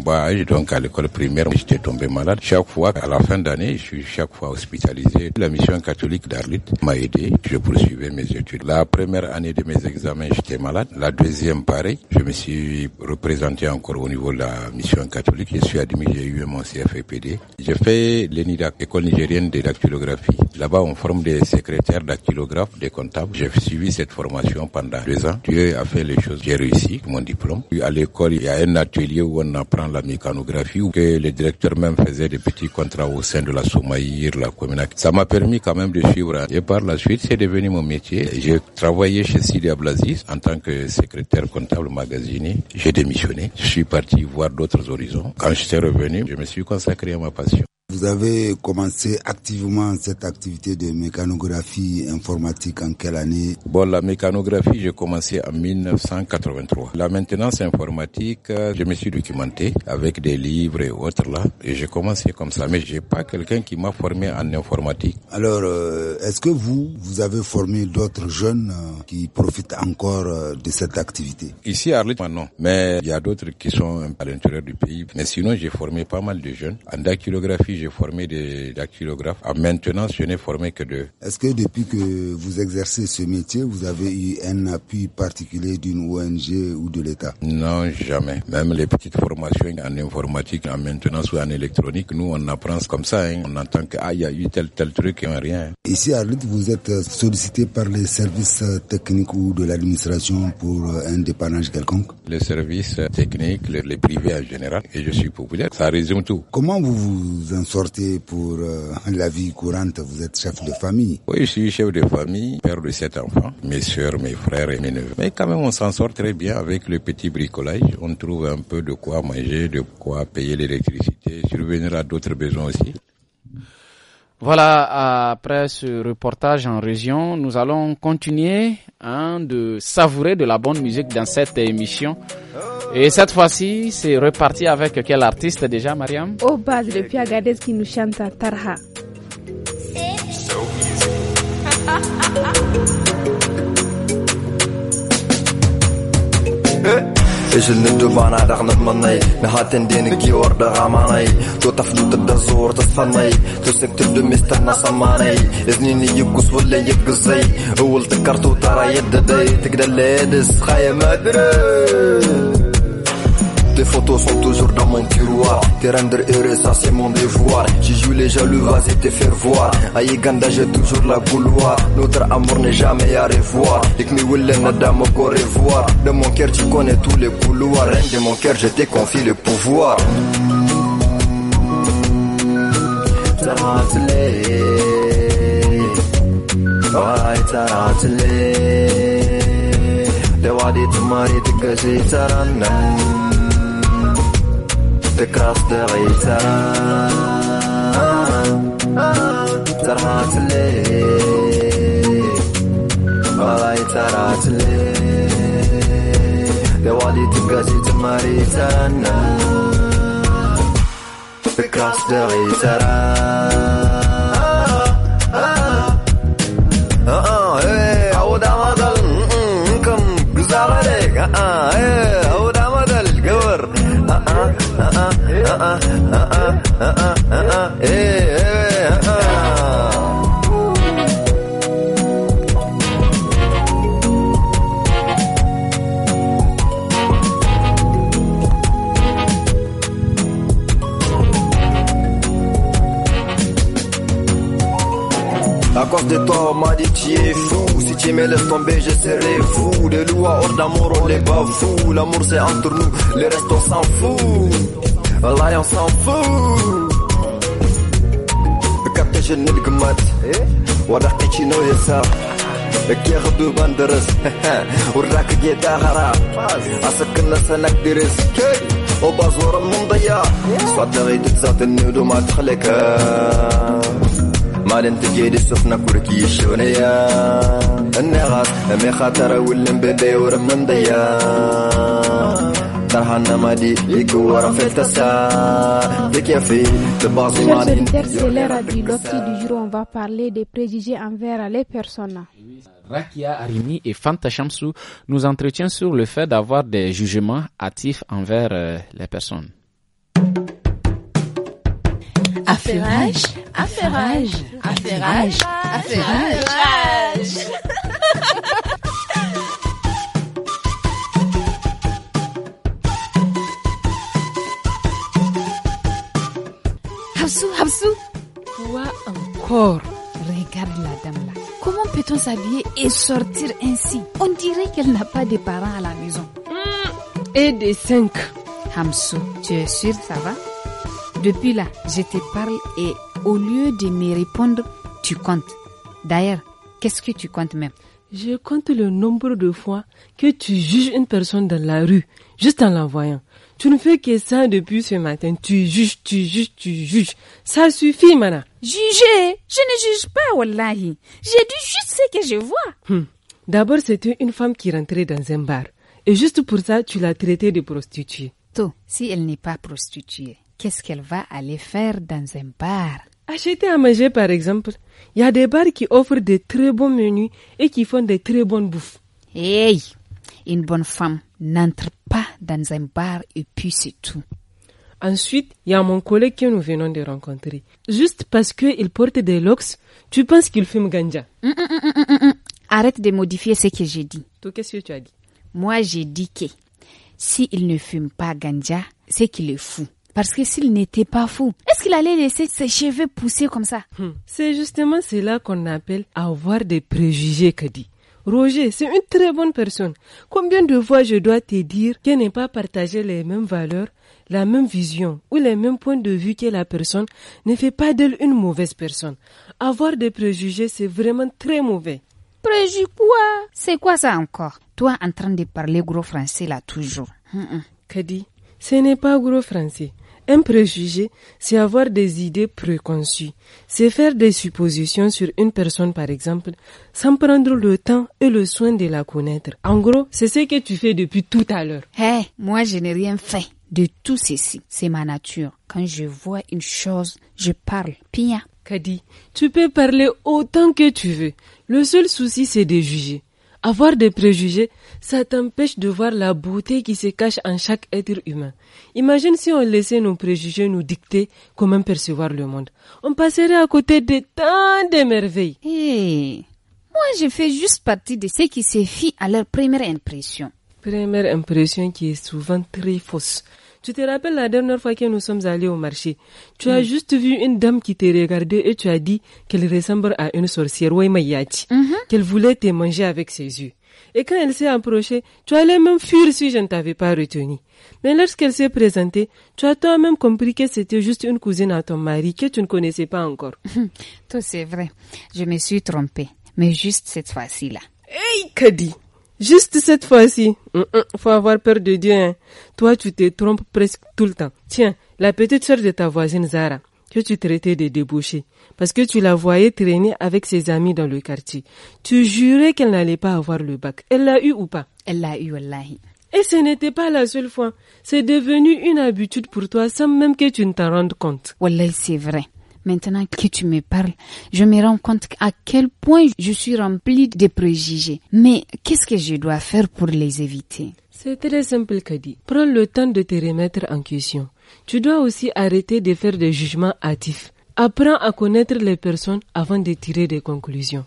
donc à l'école primaire, j'étais tombé malade. Chaque fois, à la fin d'année, je suis chaque fois hospitalisé. La mission catholique d'Arlit m'a aidé. Je poursuivais mes études. La première année de mes examens, j'étais malade. La deuxième, pareil. Je me suis représenté encore au niveau de la mission catholique. Je suis admis, j'ai eu mon CFPD. J'ai fait l'ENIDAC, école nigérienne de dactylographie. Là-bas, on forme des secrétaires dactylographes, des comptables. J'ai suivi cette formation pendant deux ans. Dieu a fait les choses. J'ai réussi mon diplôme. À l'école, il y a un atelier où on apprend la mécanographie, où que le directeur même faisait des petits contrats au sein de la Soumaïr, la Cominac. Ça m'a permis quand même de suivre. Et par la suite, c'est devenu mon métier. J'ai travaillé chez Sidi Blasis en tant que secrétaire comptable magasinier. J'ai démissionné. Je suis parti voir d'autres horizons. Quand je suis revenu, je me suis consacré à ma passion. Vous avez commencé activement cette activité de mécanographie informatique en quelle année Bon, la mécanographie, j'ai commencé en 1983. La maintenance informatique, je me suis documenté avec des livres et autres là, et j'ai commencé comme ça. Mais j'ai pas quelqu'un qui m'a formé en informatique. Alors, euh, est-ce que vous, vous avez formé d'autres jeunes euh, qui profitent encore euh, de cette activité Ici à non. Mais il y a d'autres qui sont à l'intérieur du pays. Mais sinon, j'ai formé pas mal de jeunes en dactylographie j'ai formé des dactylographes. À ah, maintenant, je n'ai formé que deux. Est-ce que depuis que vous exercez ce métier, vous avez eu un appui particulier d'une ONG ou de l'État Non, jamais. Même les petites formations en informatique, en maintenance ou en électronique, nous, on apprend comme ça. Hein. On entend qu'il ah, y a eu tel, tel truc et rien. Ici à Lutte, vous êtes sollicité par les services techniques ou de l'administration pour un dépannage quelconque Les services techniques, les, privés en général, et je suis populaire, ça résume tout. Comment vous vous en sortez pour euh, la vie courante, vous êtes chef de famille. Oui, je suis chef de famille, père de sept enfants, mes soeurs, mes frères et mes neveux. Mais quand même, on s'en sort très bien avec le petit bricolage. On trouve un peu de quoi manger, de quoi payer l'électricité, survenir à d'autres besoins aussi. Voilà, après ce reportage en région, nous allons continuer hein, de savourer de la bonne musique dans cette émission. Et cette fois-ci, c'est reparti avec quel artiste déjà, Mariam Au bas de Piagades qui nous chante à Tarha. Eh. اجل ندوبانا رغم ضمني نهات ندين كي ورد غماني تو طفل تدزور تصفني تو سبت الدم استنى صماني اذنيني يبقص ولا يبقصي اول تكرتو ترى يددي تقدر ليدس خايم مدري Tes photos sont toujours dans mon tiroir. Te rendre heureux, ça c'est mon devoir. J'y joue les jaloux, vas-y te faire voir. A Ganda, j'ai toujours la couloir, Notre amour n'est jamais à revoir. que Ikmi Willen, madame, encore revoir. De mon cœur, tu connais tous les couloirs. Reine de mon cœur, je te confie le pouvoir. فكرة صديعي ترهات لي غلاي ترهات لي دوالي تبقى جيت مريتان فكرة صديعي ترهات ah cause de toi, on m'a dit tu es fou. Si tu me laisses tomber, je serai fou. Les à hors d'amour, on les pas fou. L'amour c'est entre nous, le reste on s'en fout. والله on s'en fout كاتجن القمات ورقيتي نو يسار كياخدو بندرس والراكد اسك الناس انا كديرس وبازور من ضياع صوت غيد تزاد النود وما تخلك مال انت جيدي سخنة كوركي الشونية غاس امي خاطر ولن بدي ورم من ضياع Tarhanamadi, Igor le c'est l'heure du loti du jour. On va parler des préjugés envers les personnes. Rakia Arimi et Fanta Shamsou nous entretiennent sur le fait d'avoir des jugements hâtifs envers euh, les personnes. Affairage, affairage, affairage, affairage. Regarde la dame là. Comment peut-on s'habiller et sortir ainsi On dirait qu'elle n'a pas de parents à la maison. Hmm, et des cinq. Hamso, tu es sûr ça va Depuis là, je te parle et au lieu de me répondre, tu comptes. D'ailleurs, qu'est-ce que tu comptes même Je compte le nombre de fois que tu juges une personne dans la rue, juste en la voyant. Tu ne fais que ça depuis ce matin. Tu juges, tu juges, tu juges. Ça suffit, Mana. Juger Je ne juge pas, Wallahi. J'ai dit juste ce que je vois. Hmm. D'abord, c'était une femme qui rentrait dans un bar. Et juste pour ça, tu l'as traitée de prostituée. Toi, si elle n'est pas prostituée, qu'est-ce qu'elle va aller faire dans un bar Acheter à manger, par exemple. Il y a des bars qui offrent des très bons menus et qui font de très bonnes bouffes. Hey une bonne femme n'entre pas dans un bar et puis c'est tout. Ensuite, il y a mon collègue que nous venons de rencontrer. Juste parce qu'il porte des locks, tu penses qu'il fume ganja. Hum, hum, hum, Arrête de modifier ce que j'ai dit. Toi, qu'est-ce que tu as dit Moi, j'ai dit que s'il il ne fume pas ganja, c'est qu'il est fou. Parce que s'il n'était pas fou, est-ce qu'il allait laisser ses cheveux pousser comme ça hmm. C'est justement cela qu'on appelle avoir des préjugés, Kadi. Roger, c'est une très bonne personne. Combien de fois je dois te dire qu'elle n'est pas partagé les mêmes valeurs, la même vision ou les mêmes points de vue que la personne ne fait pas d'elle une mauvaise personne. Avoir des préjugés, c'est vraiment très mauvais. Préjugés quoi C'est quoi ça encore Toi en train de parler gros français là toujours. que hum, hum. ce n'est pas gros français. Un préjugé, c'est avoir des idées préconçues, c'est faire des suppositions sur une personne par exemple, sans prendre le temps et le soin de la connaître. En gros, c'est ce que tu fais depuis tout à l'heure. Hé, moi je n'ai rien fait de tout ceci. C'est ma nature. Quand je vois une chose, je parle. Pia. Kadi, tu peux parler autant que tu veux. Le seul souci, c'est de juger. Avoir des préjugés, ça t'empêche de voir la beauté qui se cache en chaque être humain. Imagine si on laissait nos préjugés nous dicter comment percevoir le monde. On passerait à côté de tant de merveilles. moi, je fais juste partie de ceux qui se fient à leur première impression. Première impression qui est souvent très fausse. Tu te rappelles la dernière fois que nous sommes allés au marché, tu as mm. juste vu une dame qui t'a regardé et tu as dit qu'elle ressemble à une sorcière Wayma mm-hmm. qu'elle voulait te manger avec ses yeux. Et quand elle s'est approchée, tu allais même fuir si je ne t'avais pas retenu. Mais lorsqu'elle s'est présentée, tu as toi-même compris que c'était juste une cousine à ton mari que tu ne connaissais pas encore. Mm-hmm. Tout c'est vrai. Je me suis trompée. Mais juste cette fois-ci-là. Hey, Kadi! Juste cette fois-ci, mm, mm, faut avoir peur de Dieu. Hein. Toi, tu te trompes presque tout le temps. Tiens, la petite soeur de ta voisine Zara, que tu traitais de débauchée, parce que tu la voyais traîner avec ses amis dans le quartier. Tu jurais qu'elle n'allait pas avoir le bac. Elle l'a eu ou pas Elle l'a eu, wallahi. Et ce n'était pas la seule fois. C'est devenu une habitude pour toi sans même que tu ne t'en rendes compte. Wallahi, c'est vrai. Maintenant que tu me parles, je me rends compte à quel point je suis remplie de préjugés. Mais qu'est-ce que je dois faire pour les éviter C'est très simple, Kadi. Prends le temps de te remettre en question. Tu dois aussi arrêter de faire des jugements hâtifs. Apprends à connaître les personnes avant de tirer des conclusions.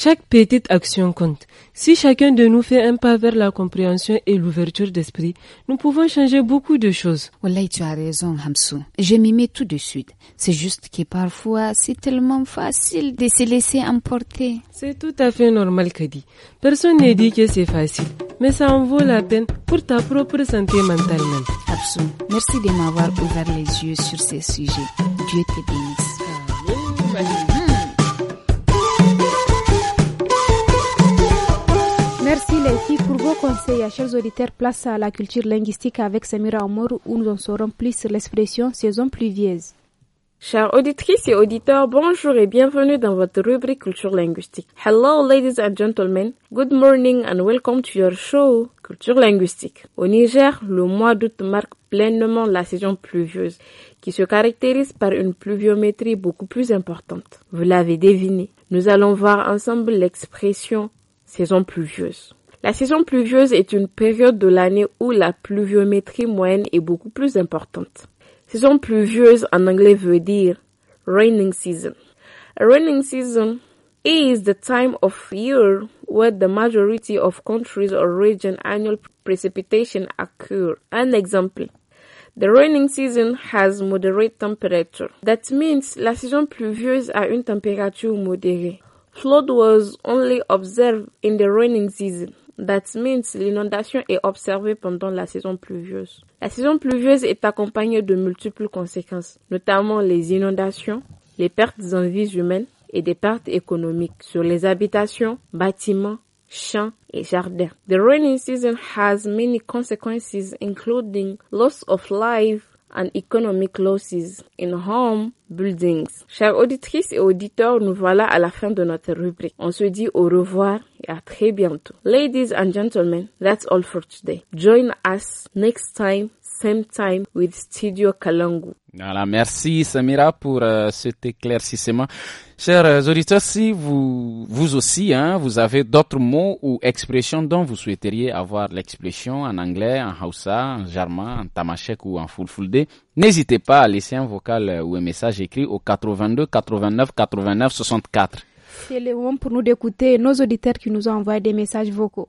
Chaque petite action compte. Si chacun de nous fait un pas vers la compréhension et l'ouverture d'esprit, nous pouvons changer beaucoup de choses. Wallahi, tu as raison, Hamsou. Je m'y mets tout de suite. C'est juste que parfois, c'est tellement facile de se laisser emporter. C'est tout à fait normal, dit Personne ne dit que c'est facile, mais ça en vaut la peine pour ta propre santé mentale Hamsou, merci de m'avoir ouvert les yeux sur ces sujets. Dieu te bénisse. Amen. Merci les filles pour vos conseils. Chers auditeurs, place à la culture linguistique avec Samira Amour, où nous en saurons plus sur l'expression saison pluvieuse. Chers auditrices et auditeurs, bonjour et bienvenue dans votre rubrique culture linguistique. Hello ladies and gentlemen, good morning and welcome to your show culture linguistique. Au Niger, le mois d'août marque pleinement la saison pluvieuse qui se caractérise par une pluviométrie beaucoup plus importante. Vous l'avez deviné. Nous allons voir ensemble l'expression saison pluvieuse. La saison pluvieuse est une période de l'année où la pluviométrie moyenne est beaucoup plus importante. Saison pluvieuse en anglais veut dire raining season. raining season is the time of year where the majority of countries or region annual precipitation occur. An example. The raining season has moderate temperature. That means la saison pluvieuse a une température modérée. Flood was only observed in the raining season. That means l'inondation est observée pendant la saison pluvieuse. La saison pluvieuse est accompagnée de multiples conséquences, notamment les inondations, les pertes en vies humaines et des pertes économiques sur les habitations, bâtiments, champs et jardins. The rainy season has many consequences including loss of life, and economic losses in home buildings. Chères auditrice et auditeurs, nous voilà à la fin de notre rubrique. On se dit au revoir et à très bientôt. Ladies and gentlemen, that's all for today. Join us next time same with Studio Kalangu. merci Samira pour euh, cet éclaircissement. Chers euh, auditeurs, si vous, vous aussi, hein, vous avez d'autres mots ou expressions dont vous souhaiteriez avoir l'expression en anglais, en Hausa, en Jarma, en Tamashek ou en Fulfulde, n'hésitez pas à laisser un vocal euh, ou un message écrit au 82 89 89 64. C'est le moment pour nous d'écouter nos auditeurs qui nous ont envoyé des messages vocaux.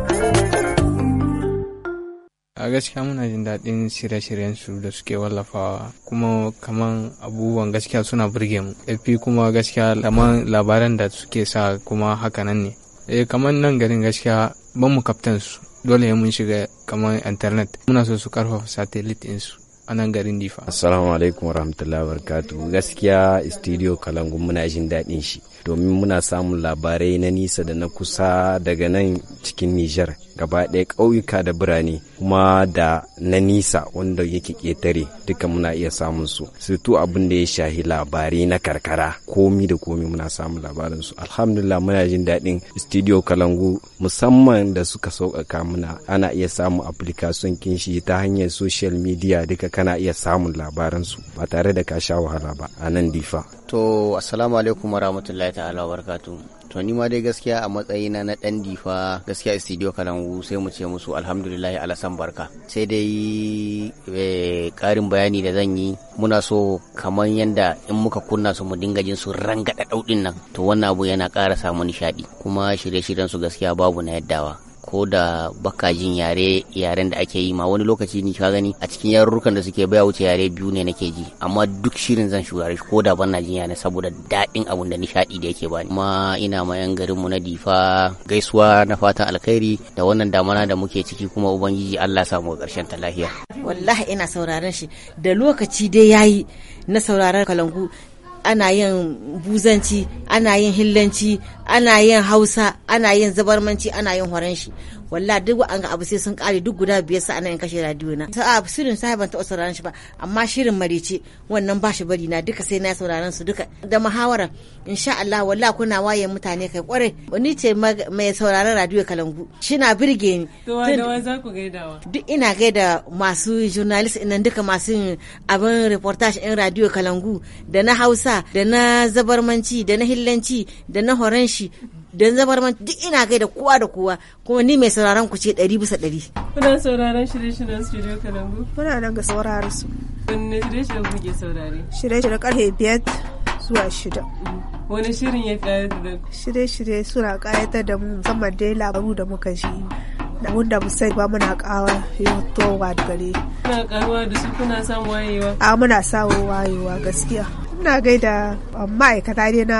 a gaskiya muna jin daɗin shirye-shiryen su da suke wallafawa kuma kaman abubuwan gaskiya suna burge mu fi kuma gaskiya kaman labaran da suke sa kuma hakanan ne eh kaman nan garin gaskiya ban mu kaftan su dole mun shiga kaman internet muna so su karfafa satellite din su a nan garin difa assalamu alaikum warahmatullahi wabarakatuh gaskiya studio kalangu muna jin daɗin shi domin muna samun labarai na nisa da na kusa daga nan cikin Nijar gaba ɗaya ƙauyuka da birane kuma da na nisa wanda yake ƙetare duka muna iya samun su surtu abin da ya shahi labarai na karkara komi da komi muna samun labarin su alhamdulillah muna jin daɗin studio kalangu musamman da suka sauƙaƙa muna ana iya samun application kin shi ta hanyar social media duka kana iya samun labaran su ba tare da ka sha wahala ba a nan difa To, assalamu alaikum warahmatullahi ta'ala barkatu. To ni ma dai gaskiya a matsayina na dan difa gaskiya studio Kalangu sai mu ce musu alhamdulillah alasan barka. Sai dai karin eh, bayani da zan yi muna so kamar yanda in muka kunna su mu dinga jin su rangada daudin nan to wannan abu yana ƙara samu nishadi kuma shirye-shiryen su gaskiya babu na yaddawa. ko da baka jin yare yaren da ake yi ma wani lokaci ni ka gani a cikin yarurrukan da suke baya wuce yare biyu ne nake ji amma duk shirin zan shugare shi ko da ban na jin yare saboda daɗin abun da nishaɗi da yake bani kuma ina ma yan garin mu na difa gaisuwa na fatan alkhairi da wannan damana da muke ciki kuma ubangiji Allah samu ƙarshen ta lafiya wallahi ina sauraron shi da lokaci dai yayi na sauraron kalangu ana yin buzanci ana yin hillanci ana yin hausa ana yin zabarmanci ana yin shi walla duk an ga abu sai sun kare duk guda biyar sa yin kashe radio na sa'a shirin sai ban taɓa sauraron shi ba amma shirin marice wannan ba shi bari na duka sai na sauraron su duka da muhawara insha Allah walla kuna waye mutane kai kwarai ni ce mai sauraron radio kalangu shina birge ni duk ina gaida masu journalist ina duka masu abin reportage in radio kalangu da na hausa da na zabarmanci da na hillanci da na horanshi shi dan zamar man duk ina gaida kowa da kowa kuma ni mai sauraron ku ce ɗari bisa ɗari. Kuna sauraron shirye-shiryen studio Kalambu? Muna nan ga sauraron su. Wani shirye-shiryen kuke saurare? Shirye-shiryen ƙarfe biyar zuwa shida. Mm-hmm. Wani shirin ya ƙayatar da ku? Shirye-shirye suna ƙayatar da mu musamman dai labaru da muka ji. da wanda musai ba muna kawa yotowa da gare. Kuna karuwa da su kuna son wayewa? A muna samun wayewa gaskiya. Ina gaida um, ma'aikata ne na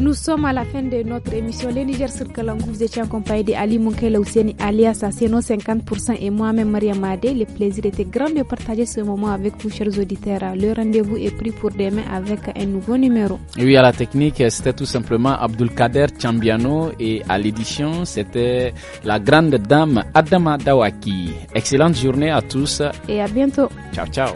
Nous sommes à la fin de notre émission Les Niger sur Kalangou. Vous étiez en compagnie d'Ali Moukela Ousseni, alias Asseno 50% et moi-même Maria Madé. Le plaisir était grand de partager ce moment avec vous, chers auditeurs. Le rendez-vous est pris pour demain avec un nouveau numéro. Oui, à la technique, c'était tout simplement Abdulkader Chambiano et à l'édition, c'était la grande dame Adama Dawaki. Excellente journée à tous. Et à bientôt. Ciao, ciao.